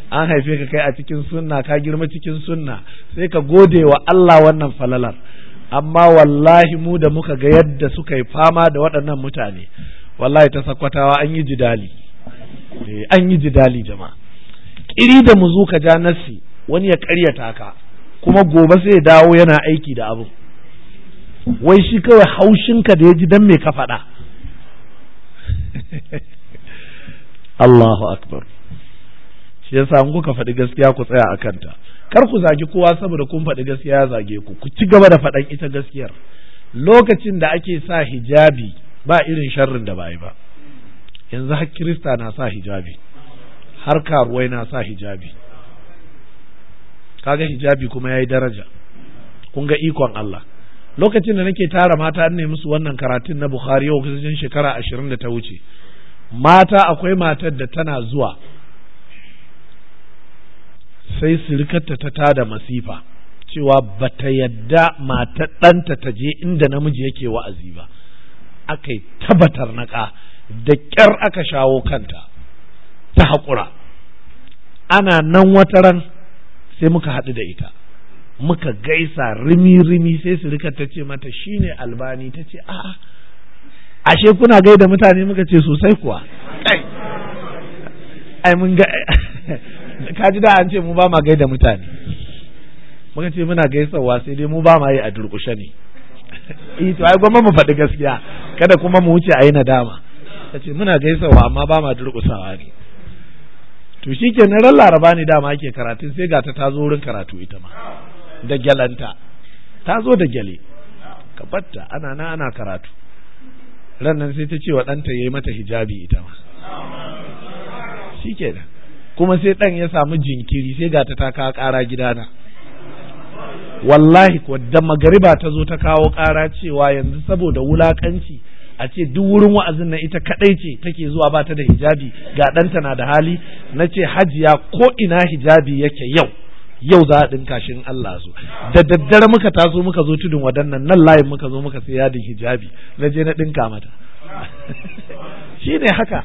Speaker 1: an haife ka kai a cikin sunna ka girma cikin sunna sai ka gode wa Allah wannan falalar amma wallahi mu da muka ga yadda suka yi fama da waɗannan mutane wallahi ta sakwatawa an yi jidali eh, an yi jidali jama'a ƙiri da muzu ka ja nassi wani ya ƙaryata ka kuma gobe sai dawo yana aiki da abu wai shi kawai haushinka da ya ji dan me ka faɗa Allahu akbar shi yasa in kuka faɗi gaskiya ku tsaya a kanta kar ku zagi kowa saboda kun faɗi gaskiya ya zage ku ku ci gaba da faɗan ita gaskiyar lokacin da ake sa hijabi ba irin sharrin da ba yi ba yanzu har kirista na sa hijabi har karuwai na sa hijabi kaga hijabi kuma ya yi daraja kun ga ikon Allah lokacin da nake tara mata ne musu wannan karatun na Bukhari yau kusan shekara ashirin da ta wuce mata akwai matar da tana zuwa sai sirikarta ta da masifa cewa bata yadda mata ɗanta ta je inda namiji yake wa'azi ba aka yi tabbatar naƙa da ƙyar aka shawo kanta ta haƙura ana nan wata ran sai muka haɗu da ita muka gaisa rimi-rimi sai sirika ta ce mata shine albani ta ce a ashe kuna gaida mutane muka ce sosai kuwa ai mun ga ka ji da an ce mu ba ma gaida mutane muka ce muna gaisawa sai dai mu ba ma yi a durƙushe ne eh to ai gwamma mu faɗi gaskiya kada kuma mu wuce a yi nadama ta ce muna gaisawa amma ba ma durƙusawa ne to shi ke ran laraba ne dama ake karatu sai ga ta zo wurin karatu ita ma da gyalanta ta zo da gyale ka batta ana na ana karatu ran nan sai ta ce wa ɗanta ya yi mata hijabi ita ma shi ke kuma sai ɗan ya samu jinkiri sai ga ta kawo ƙara gidana wallahi kuwa da magariba ta zo ta kawo ƙara cewa yanzu saboda wulakanci a ce duk wurin wa'azin na ita kaɗai ce take zuwa ba ta da hijabi ga ɗanta na da hali na ce hajiya ko ina hijabi yake yau yau za a ɗinka shi Allah so da daddare muka taso muka zo tudun wadannan nan layin muka zo muka sai yadin hijabi na je na ɗinka mata shi ne haka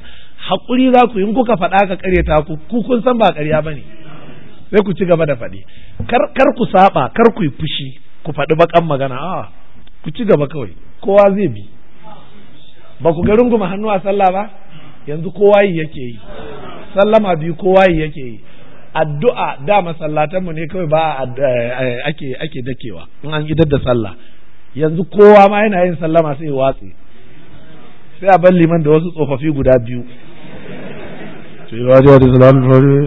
Speaker 1: haƙuri za ku in kuka faɗa ka ƙaryata ku ku kun san ba ƙarya ba sai ku ci gaba da faɗi kar ku saba kar ku yi fushi ku faɗi baƙan magana a ku ci gaba kawai kowa zai bi ba ku ga runguma hannu a sallah ba yanzu kowa yi yake yi sallama biyu kowa yi yake yi addu'a da masallatanmu ne kawai ba eh, ake ake dakewa in an idar da sallah yanzu kowa ma yana yin sallama sai watsi sai a bar liman da wasu tsofaffi guda biyu to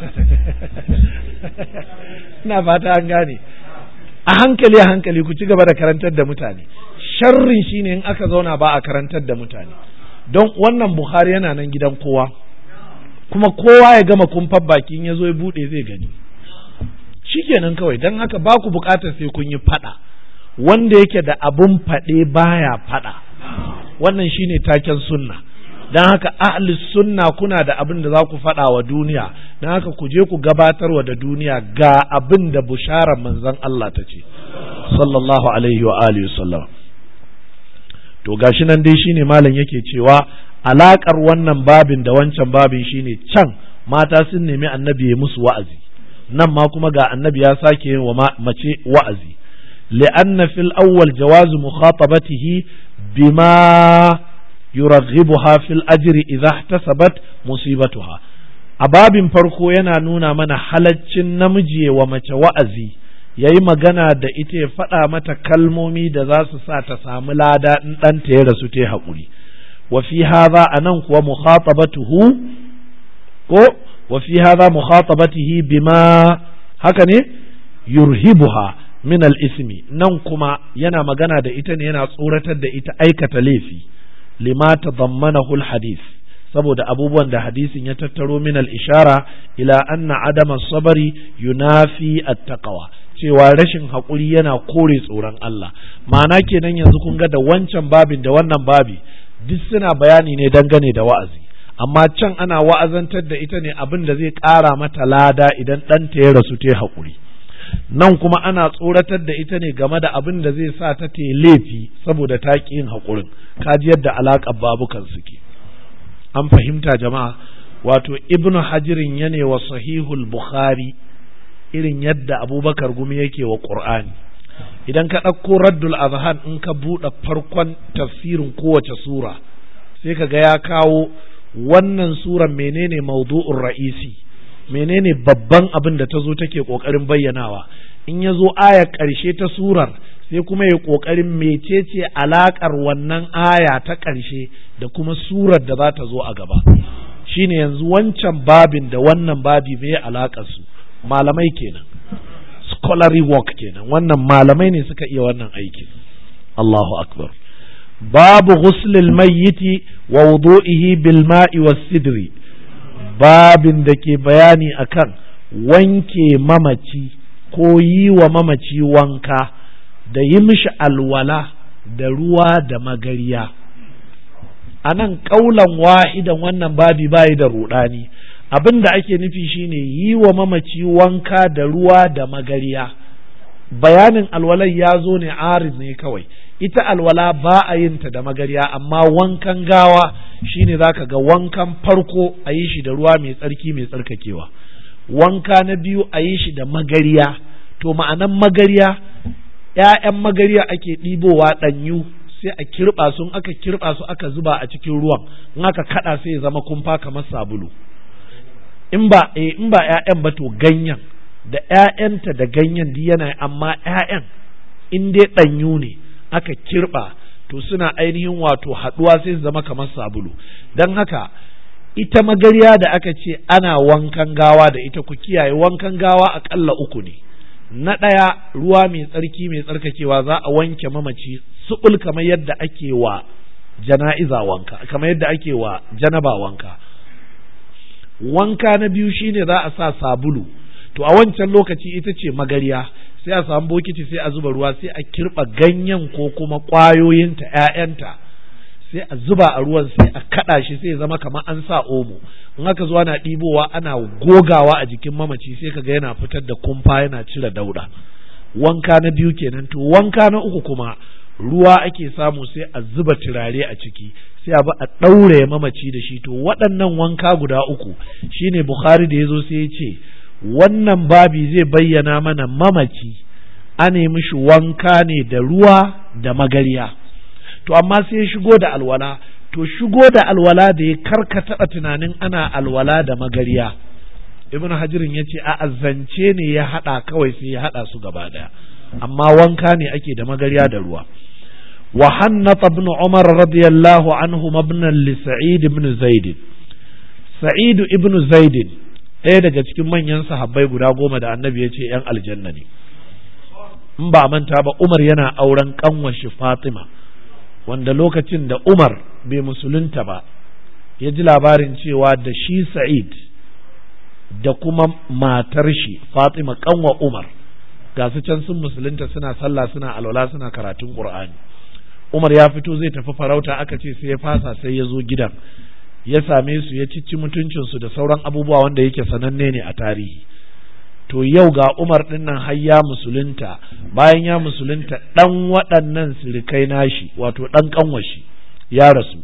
Speaker 1: ina fata an gane a hankali a hankali ku ci gaba da karantar da mutane sharrin shine in aka zauna ba a karantar da mutane don wannan Buhari yana nan gidan kowa kuma kowa ya gama kumfar bakin ya zo ya buɗe zai gani shikenan kawai don haka ba ku bukatar sai kun yi fada wanda yake da abun faɗe baya fada wannan shine taken sunna don haka ahli sunna kuna da abin da za ku faɗa wa duniya don haka ku je ku gabatarwa da duniya ga abin da bushara manzon Allah ta ce sallallahu alaihi wa alihi sallam to gashi nan dai shine malam yake cewa alakar wannan babin da wancan babin shine can mata sun nemi annabi ya musu wa'azi nan ma kuma ga annabi ya sake yin wa mace wa'azi li'anna fil awwal jawazu mukhatabatihi bima yuraghibuha fil ajri idha ihtasabat musibatuha a babin farko yana nuna mana halaccin namiji wa mace wa'azi yayi magana da ita ya faɗa mata kalmomi da za su sa ta samu lada in ɗanta ya rasu ta haƙuri wa fi hadha anan kuwa mukhatabatuhu ko wa fi hadha mukhatabatihi bima haka ne yurhibuha min al-ismi nan kuma yana magana da ita ne yana tsoratar da ita aikata laifi lima tadammanahu al-hadith saboda abubuwan da hadisin ya tattaro min al-ishara ila anna adama sabari yunafi at-taqwa cewa rashin haƙuri yana kore tsoron Allah ma'ana kenan yanzu kun ga da wancan babin da wannan babi duk suna bayani ne dangane da wa'azi amma can ana wa'azantar da ita ne abin da zai ƙara mata lada idan ɗanta ya rasu ta haƙuri nan kuma ana tsoratar da ita ne game da abin da zai sa ta ta laifi saboda ta ƙi yin haƙurin ji yadda alaƙar babukan suke an fahimta jama'a wato Ibn hajirin ya ne wa sahihul bukhari irin yadda abubakar gumi yake wa ƙur'ani idan ka ɗauko raddul azhan in ka buɗe farkon tafsirin kowace sura sai ka ga ya kawo wannan suran menene maudu'un ra'isi menene babban abin da ta zo take ƙoƙarin bayyanawa in ya zo aya ƙarshe ta surar sai kuma ya ƙoƙarin mecece alaƙar wannan aya ta ƙarshe da kuma surar da za ta zo a gaba shine yanzu wancan babin da wannan babi mai alaƙar su malamai kenan scholarly work kenan wannan malamai ne suka iya wannan aiki Allahu akbar babu ghuslil mayyiti wa wudu'ihi bil ma'i was sidri babin da ke bayani akan wanke mamaci ko yi wa mamaci wanka da yi mishi alwala da ruwa da magariya a nan ƙaulan wahidan wannan babi bayi da ruɗani abin da ake nufi shine yi wa mamaci wanka da ruwa da magariya bayanin alwalai ya zo ne ariz ne kawai ita alwala ba a yin ta da magarya amma wankan gawa shine ka ga wankan farko a yi shi da ruwa mai tsarki mai tsarkakewa wanka na biyu a yi shi da magarya to ma'anan magarya ‘ya'yan magarya ake ɗibowa ɗanyu sai a kirɓa su aka kirɓa su aka zuba a cikin ruwan in aka kaɗa sai ya zama kumfa kamar sabulu in ba eh, in ba ‘ya'yan ba to ganyen da ‘ya'yanta da ganyen duk yana amma ‘ya'yan in dai ɗanyu ne aka kirɓa to suna ainihin wato haɗuwa sai su zama kamar sabulu don haka ita magarya da aka ce ana wankan gawa da ita ku kiyaye wankan gawa aƙalla uku ne na ɗaya ruwa mai tsarki mai tsarkakewa za a wanke mamaci suɓul kamar yadda ake wa jana'iza wanka kamar yadda ake wa janaba wanka wanka na biyu shine za a sa sabulu to a wancan lokaci ita ce magariya sai a samu bokiti sai a zuba ruwa sai a kirɓa ganyen ko kuma ƙwayoyinta ‘ya'yanta sai a zuba a ruwan sai a kaɗa shi sai zama kamar an sa omo in aka zo ana ɗibowa ana gogawa a jikin mamaci sai kaga yana fitar da kumfa yana cire dauɗa wanka na biyu kenan to wanka na uku kuma ruwa ake samu sai a zuba turare a ciki sai a ba a ɗaure mamaci da shi to waɗannan wanka guda uku shine bukhari da ya zo sai ya ce wannan babi zai bayyana mana mamaci a nemi shi wanka ne da ruwa da magarya to amma sai ya shigo da alwala to shigo da alwala da ya karkata tunanin ana alwala da magarya ibn hajirin ya ce a azance ne ya haɗa kawai sai ya haɗa su gaba ɗaya amma wanka ne ake da magarya da ruwa wa hannata ibn umar radiyallahu anhu mabnan li sa'id ibn zaid sa'id ibn zaid ɗaya daga cikin manyan sahabbai guda goma da annabi ya ce ‘yan aljanna ne in ba manta ba umar yana auren kanwar fatima wanda lokacin da umar bai musulunta ba ya ji labarin cewa da shi sa'id da kuma matar shi fatima kanwa umar gasu su can sun musulunta suna sallah suna alwala suna karatun qur'ani umar ya fito zai tafi farauta aka ce sai ya fasa sai ya zo gidan ya same su ya cici mutuncinsu da sauran abubuwa wanda yake sananne ne a tarihi to yau ga umar ɗin nan har ya musulunta bayan ya musulunta ɗan waɗannan sirikai nashi wato ɗan kanwashi ya rasu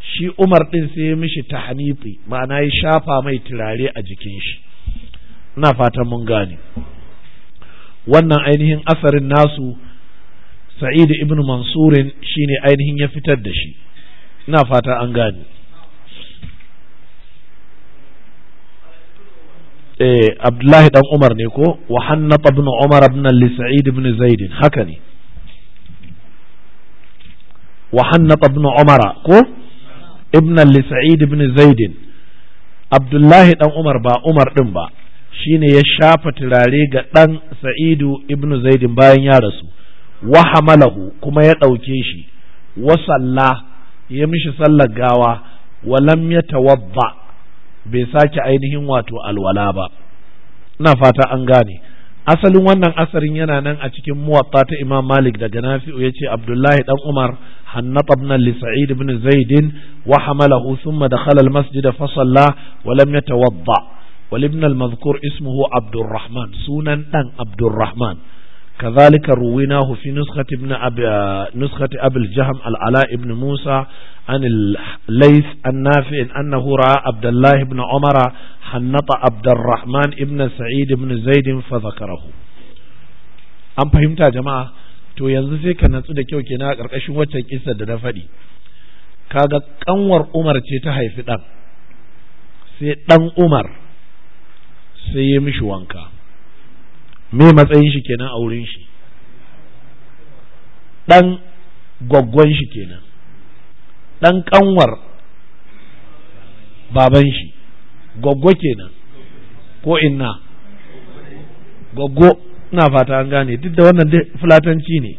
Speaker 1: shi umar ɗin sai ya mishi ta hanifi ma'ana ya shafa mai turare a jikin shi ina fatan mun gane wannan ainihin asarin nasu Sa'idu ibn mansurin shine ainihin ya fitar da shi ina fata an gane eh Abdullahi dan Umar ne ko wa Hannat ibn Umar ibn al-Sa'id ibn Zaid haka ne wa Hannat ibn Umar ko ibn al-Sa'id ibn Zaid Abdullahi dan Umar ba Umar din ba shine ya shafa turare ga dan Sa'idu ibn Zaid bayan ya rasu wa hamalahu kuma ya dauke shi wa salla ya mishi sallar gawa wa lam yatawadda bai sake ainihin wato alwala ba ina fata an gane asalin wannan asarin yana nan a cikin muwatta ta Imam Malik daga Nafi'u ce Abdullahi dan Umar hannata li Sa'id ibn Zaid wa hamalahu thumma dakhala al-masjid fa salla wa lam yatawadda wal ibn al-madhkur ismuhu Abdurrahman sunan dan Abdurrahman كذلك رويناه في نسخة ابن أبي نسخة أبي الجهم العلاء بن موسى عن الليث النافع أنه رأى عبد الله بن عمر حنط عبد الرحمن بن سعيد بن زيد فذكره أم فهمت يا جماعة to yanzu sai ka natsu da kyau kenan a ƙarƙashin waccan kissa da na faɗi kaga kanwar Umar ce ta haifi ɗan sai ɗan Umar sai ya mishi wanka me matsayin shi kenan a wurin shi ɗan gwaggon shi kenan ɗan ƙanwar baban shi gwaggo kenan ko inna gwaggo ina fata an gane duk da wannan fulatanci ne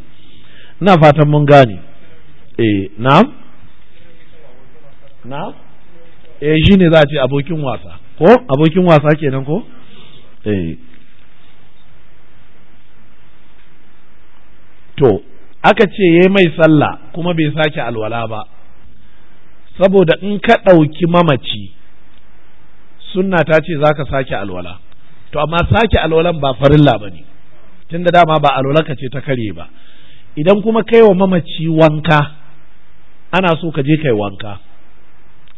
Speaker 1: ina fatan mun gane eh na'am Na. eh shine za a ce abokin wasa ko abokin wasa kenan ko eh to aka ce yayi mai sallah kuma bai sake alwala ba saboda in ka ɗauki mamaci sunna ta ce za ka sake alwala to amma sake alwalan ba farilla ba ne tun da dama ba ka ce ta kare ba idan kuma kai wa mamaci wanka ana so ka je kai wanka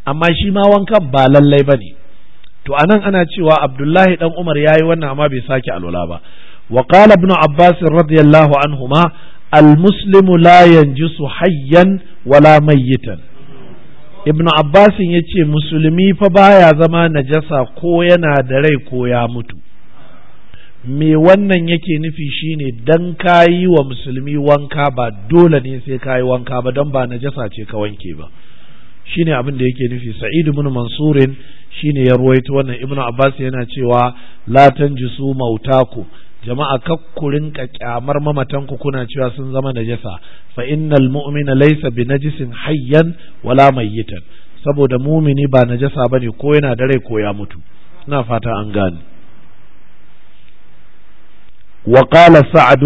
Speaker 1: amma shi ma wankan ba lallai ba ne to anan ana cewa abdullahi dan umar ya yi wannan amma bai sake alwala ba wa qala ibn abbas radiyallahu anhuma almuslimu la ينجس hayyan wala mayyitan ابن عباس ya ce musulmi fa baya zama najasa ko yana da rai ko ya mutu me wannan yake nufi shine dan kayi wa musulmi wanka ba dole ne sai kayi wanka ba dan ba najasa ce ka wanke ba shine abin da yake nufi sa'id ibn mansurin shine ya ruwaito wannan ibnu abbas yana cewa la tanjisu mautaku jama'a kakkurin ka kyamar mamatan ku kuna cewa sun zama najasa fa innal mu'mina laysa najisin hayyan wala mayyitan saboda mumini ba najasa bane ko yana da rai ko ya mutu ina fata an gane wa qala sa'd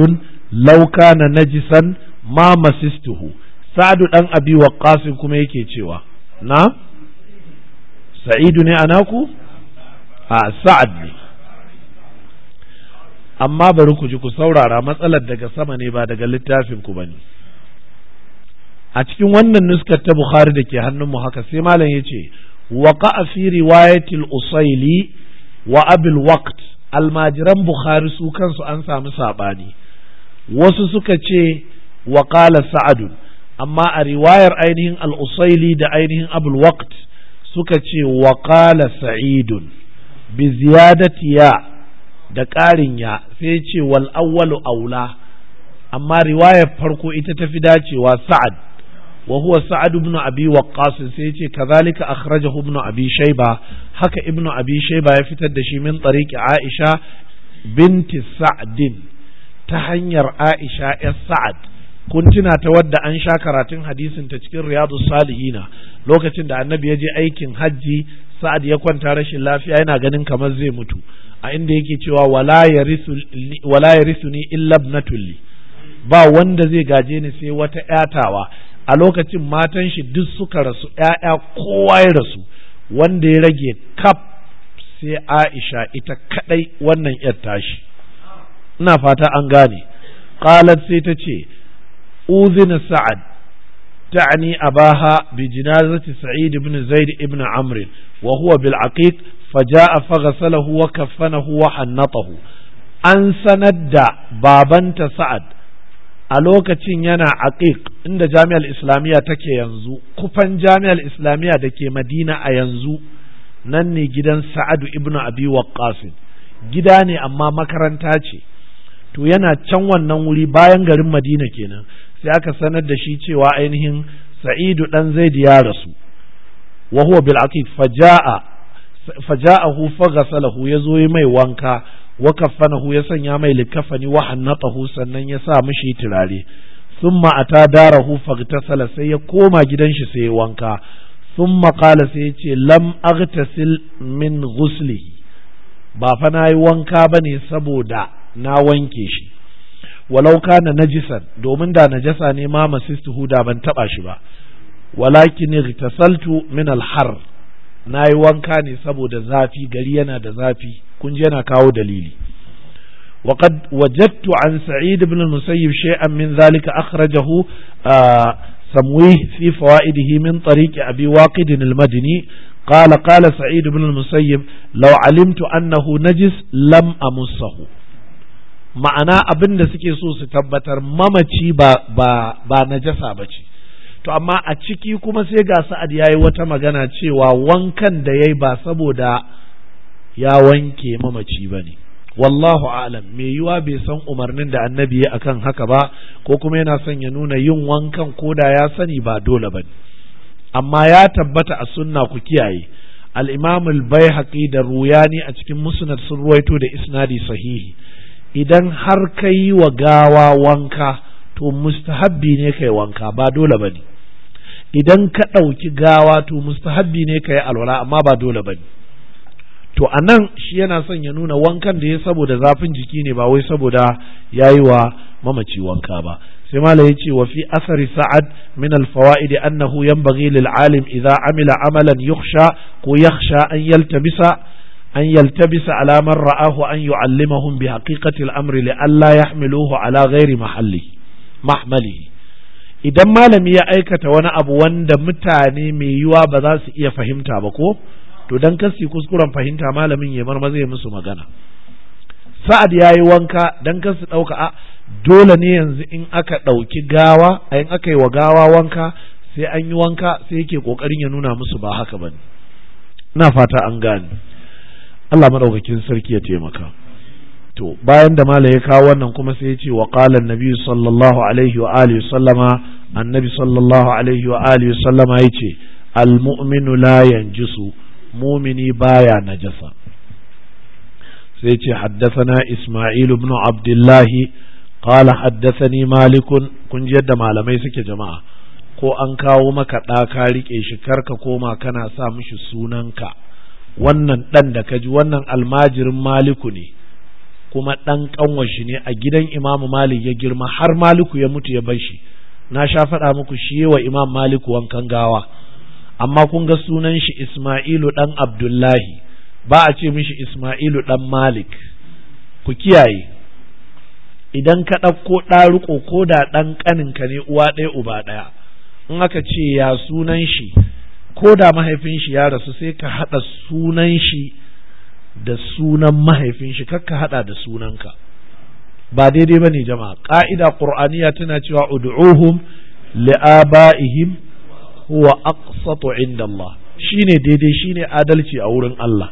Speaker 1: law kana najisan ma masistuhu sa'd dan abi waqqas kuma yake cewa na sa'idu ne anaku a sa'ad ne amma bari ku ji ku saurara matsalar daga sama ne ba daga littafin ku bane a cikin wannan nuskar ta Bukhari da ke hannun mu haka sai malam ya ce waqa fi riwayatil usaili wa abil waqt almajiran Bukhari su kansu an samu sabani wasu suka ce wa qala sa'ad amma a riwayar ainihin al-usaili da ainihin abul waqt suka ce wa qala sa'idun bi ziyadati ya da ƙarin ya sai ce wal awwalu aula amma riwayar farko ita ta fi dacewa sa'ad wa huwa sa'ad ibn abi waqqas sai ce kazalika akhrajahu ibn abi shayba haka ibn abi shayba ya fitar da shi min tariqi aisha binti sa'd ta hanyar aisha yar sa'ad kun tuna ta wadda an sha karatun hadisin ta cikin riyadu salihina lokacin da annabi ya je aikin hajji sa'ad ya kwanta rashin lafiya yana ganin kamar zai mutu a inda yake cewa wala ya risu ni illa natulli ba wanda zai gaje ni sai wata ‘yatawa a lokacin matan shi duk suka rasu ‘ya'ya kowa ya rasu wanda ya rage kaf sai aisha ita kadai wannan ‘yar tashi ina fata an gane qalat sai ta ce uzina sa'ad bi jinazati sa'id ibn zaid ibn amr wa huwa bil aqiq faja'a faghsalahu wa kaffanahu wa hannatahu an sanar da babanta sa'ad a lokacin yana aqiq inda jami'ar islamiyya take yanzu kufan jami'ar islamiyya da ke madina a yanzu nan ne gidan sa'adu ibn abi waqqasin gida ne amma makaranta ce to yana can wannan wuri bayan garin madina kenan sai aka sanar da shi cewa ainihin sa'idu ɗan zaid ya rasu wa huwa bil aqiq faja'a faja'ahu faghsalahu yazo yi mai wanka wa kaffanahu ya sanya mai likafani wa hannatahu sannan ya sa mishi turare thumma ata darahu faghtasala sai ya koma gidan shi sai ya wanka thumma qala sai ya ce lam aghtasil min ghuslihi ba fa nayi wanka bane saboda na wanke shi walau kana najisan domin da najasa ne ma masistuhu da ban taba shi ba walakin igtasaltu min alhar na yi wanka ne saboda zafi gari yana da zafi kun ji yana kawo dalili وقد وجدت عن سعيد بن المسيب شيئا من ذلك أخرجه آه سمويه في فوائده من طريق أبي واقد المدني قال قال سعيد بن المسيب لو علمت أنه نجس لم أمسه ma'ana abin da suke so su tabbatar mamaci ba ba ba najasa bace to amma a ciki kuma sai ga sa'ad ya yi wata magana cewa wankan da ya yi ba saboda ya wanke mamaci ba ne wallahu alam mai yiwa bai san umarnin da annabi ya akan haka ba ko kuma yana son ya nuna yin wankan ko da ya sani ba dole ba amma ya tabbata a sunna ku kiyaye al-imam al-baihaqi da ruyani a cikin musnad sun ruwaito da isnadi sahihi idan har ka yi wa gawa wanka to mustahabbi ne kai wanka ba dole ba ne idan ka ɗauki gawa to mustahabbi ne ka yi alwala amma ba dole ba ne to a nan shi yana son ya nuna wankan da ya saboda zafin jiki ne ba wai saboda ya yi wa mamaci wanka ba sai mala ya ce wa fi asari sa'ad min alfawa'id annahu yanbaghi lil alim idza amila amalan yukhsha ko yakhsha an yaltabisa an yaltabisa ala man ra'ahu an yu'allimahum bi haqiqati al-amri li alla yahmiluhu ala ghairi mahalli mahmalihi idan malami ya aikata wani abu wanda mutane mai yiwa ba za su iya fahimta ba ko to dan kasi kuskuren fahimta malamin ya marma zai musu magana sa'ad ya yi wanka dan kasu ɗauka a dole ne yanzu in aka ɗauki gawa a in aka yi wa gawa wanka sai an yi wanka sai yake ƙoƙarin ya nuna musu ba haka ba ne Ina fata an gane Allah maɗaukakin sarki ya taimaka to bayan da malam ya kawo wannan kuma sai ya ce wa qala annabi sallallahu alaihi wa alihi sallama annabi sallallahu alaihi wa alihi sallama ya ce almu'minu la yanjisu mumini baya najasa sai ce haddathana isma'il ibn abdullahi qala haddathani malikun kun ji yadda malamai suke jama'a ko an kawo maka ɗaka ka riƙe shi kar ka koma kana sa mishi sunanka wannan dan da ka ji wannan almajirin maliku ne kuma ɗan shi ne a gidan imamu malik ya girma har maliku ya mutu ya bar shi na sha faɗa muku shi wa imam malik wankan gawa amma kun ga sunan shi isma'ilu ɗan abdullahi ba a ce mishi isma'ilu ɗan malik ku kiyaye idan ka ɗauko ɗaruko ko da ɗan ƙaninka ne uwa ɗaya uba ɗaya in aka ce ya sunan shi ko da mahaifin shi ya rasu sai ka haɗa sunan shi da sunan mahaifin shi kakka haɗa da sunanka ba daidai ba ne jama'a Ƙa'ida qur'aniya tana cewa ud'uhum li'aba'ihim huwa aqsatu inda Allah ne daidai shine adalci a wurin Allah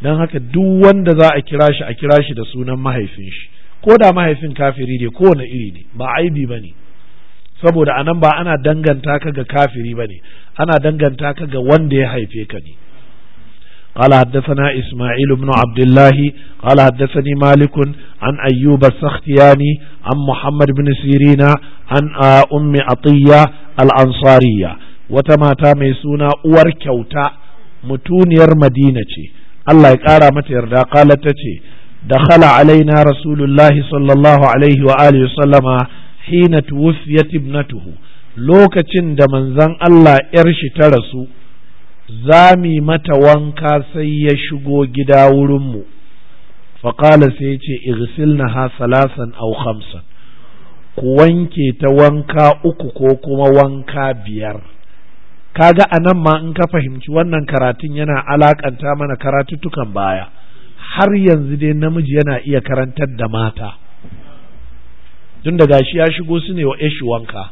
Speaker 1: Don haka duk wanda za a kira shi a kira shi da sunan mahaifin shi ko da mahaifin kafiri ne wani iri ne ba aibi ba ne. saboda anan ba ana danganta ka ga kafiri ba ne. ana danganta ka ga wanda ya haife ka ne قال حدثنا إسماعيل بن عبد الله قال حدثني مالك عن أيوب السختياني عن محمد بن سيرين عن أم عطية الأنصارية وتماتا ميسونا أوركوتا متونير مدينة الله يقارى متير قالت دخل علينا رسول الله صلى الله عليه وآله وسلم حين توفيت ابنته lokacin da manzan Allah ‘yar shi ta rasu za mu mata wanka sai ya shigo gida wurinmu faƙala sai ya ce na ha salasan au khamsan ku wanke ta wanka uku ko kuma wanka biyar kaga a nan ma in ka fahimci wannan karatun yana alakanta mana karatuttukan baya har yanzu dai namiji yana iya karantar da mata tun da gashi ya shigo su ne wa wanka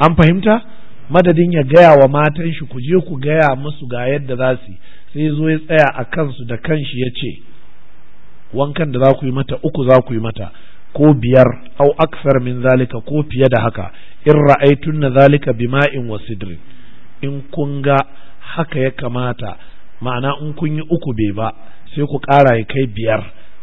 Speaker 1: an fahimta madadin ya gaya wa matan shi ku je ku gaya musu ga yadda za su sai zo ya tsaya a kansu da kanshi ya ce wankan da za ku yi mata uku za ku yi mata ko biyar au aksar min zalika ko fiye da haka in ra'aitun na zalika bima'in wa sidrin in kun ga haka ya kamata ma'ana in kun yi uku bai ba sai ku ƙara ya kai biyar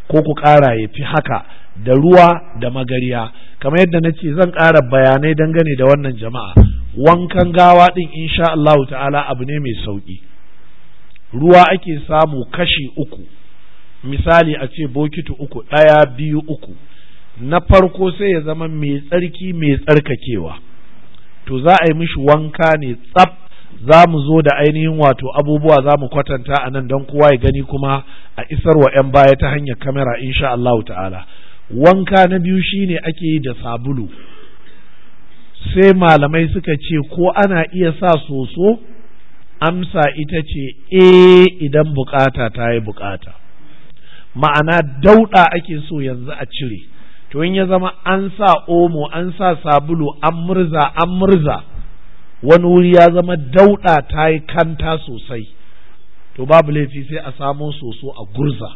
Speaker 1: ko ku ƙara ya fi haka da ruwa da magariya kamar yadda na ce zan ƙara bayanai dangane da wannan jama'a wankan gawa ɗin insha Allah ta'ala abu ne mai sauƙi ruwa ake samu kashi uku misali a ce bokiti uku ɗaya biyu uku na farko sai ya zama mai tsarki mai tsarkakewa to za a yi mishi wanka ne tsaf za mu zo da ainihin wato abubuwa za mu kwatanta a nan don kowa ya gani kuma a isar wa 'yan baya ta hanyar kamera insha Allah ta'ala wanka na biyu shine ake yi da sabulu sai malamai suka ce ko ana iya sa soso amsa ita ce e idan bukata ta yi bukata ma'ana dauɗa ake so yanzu a cire to in ya zama an sa omo an sa sabulu an murza an murza wani wuri ya zama dauɗa ta yi kanta sosai to babu laifi sai a samo soso a gurza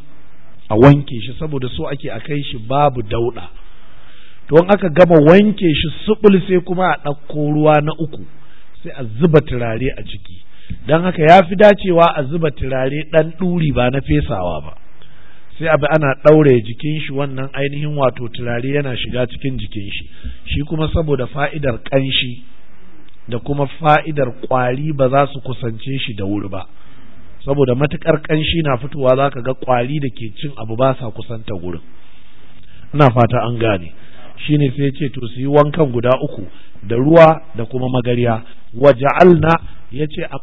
Speaker 1: a wanke shi saboda so ake a kai shi babu dauɗa to in aka gama wanke shi subul sai kuma a ɗauko ruwa na uku sai a zuba turare a ciki don haka ya fi dacewa a zuba turare ɗan ɗuri ba na fesawa ba sai abu ana ɗaure jikin shi wannan ainihin wato turare yana shiga cikin jikin shi shi kuma saboda fa'idar ƙanshi da kuma fa'idar ƙwari ba za su kusance shi da wuri ba saboda matuƙar ƙanshi na fitowa za ka ga ƙwari da ke cin abu ba sa kusanta wurin ina fata an gane shine sai ce to su yi wankan guda uku da ruwa da kuma magariya waja'alna yace a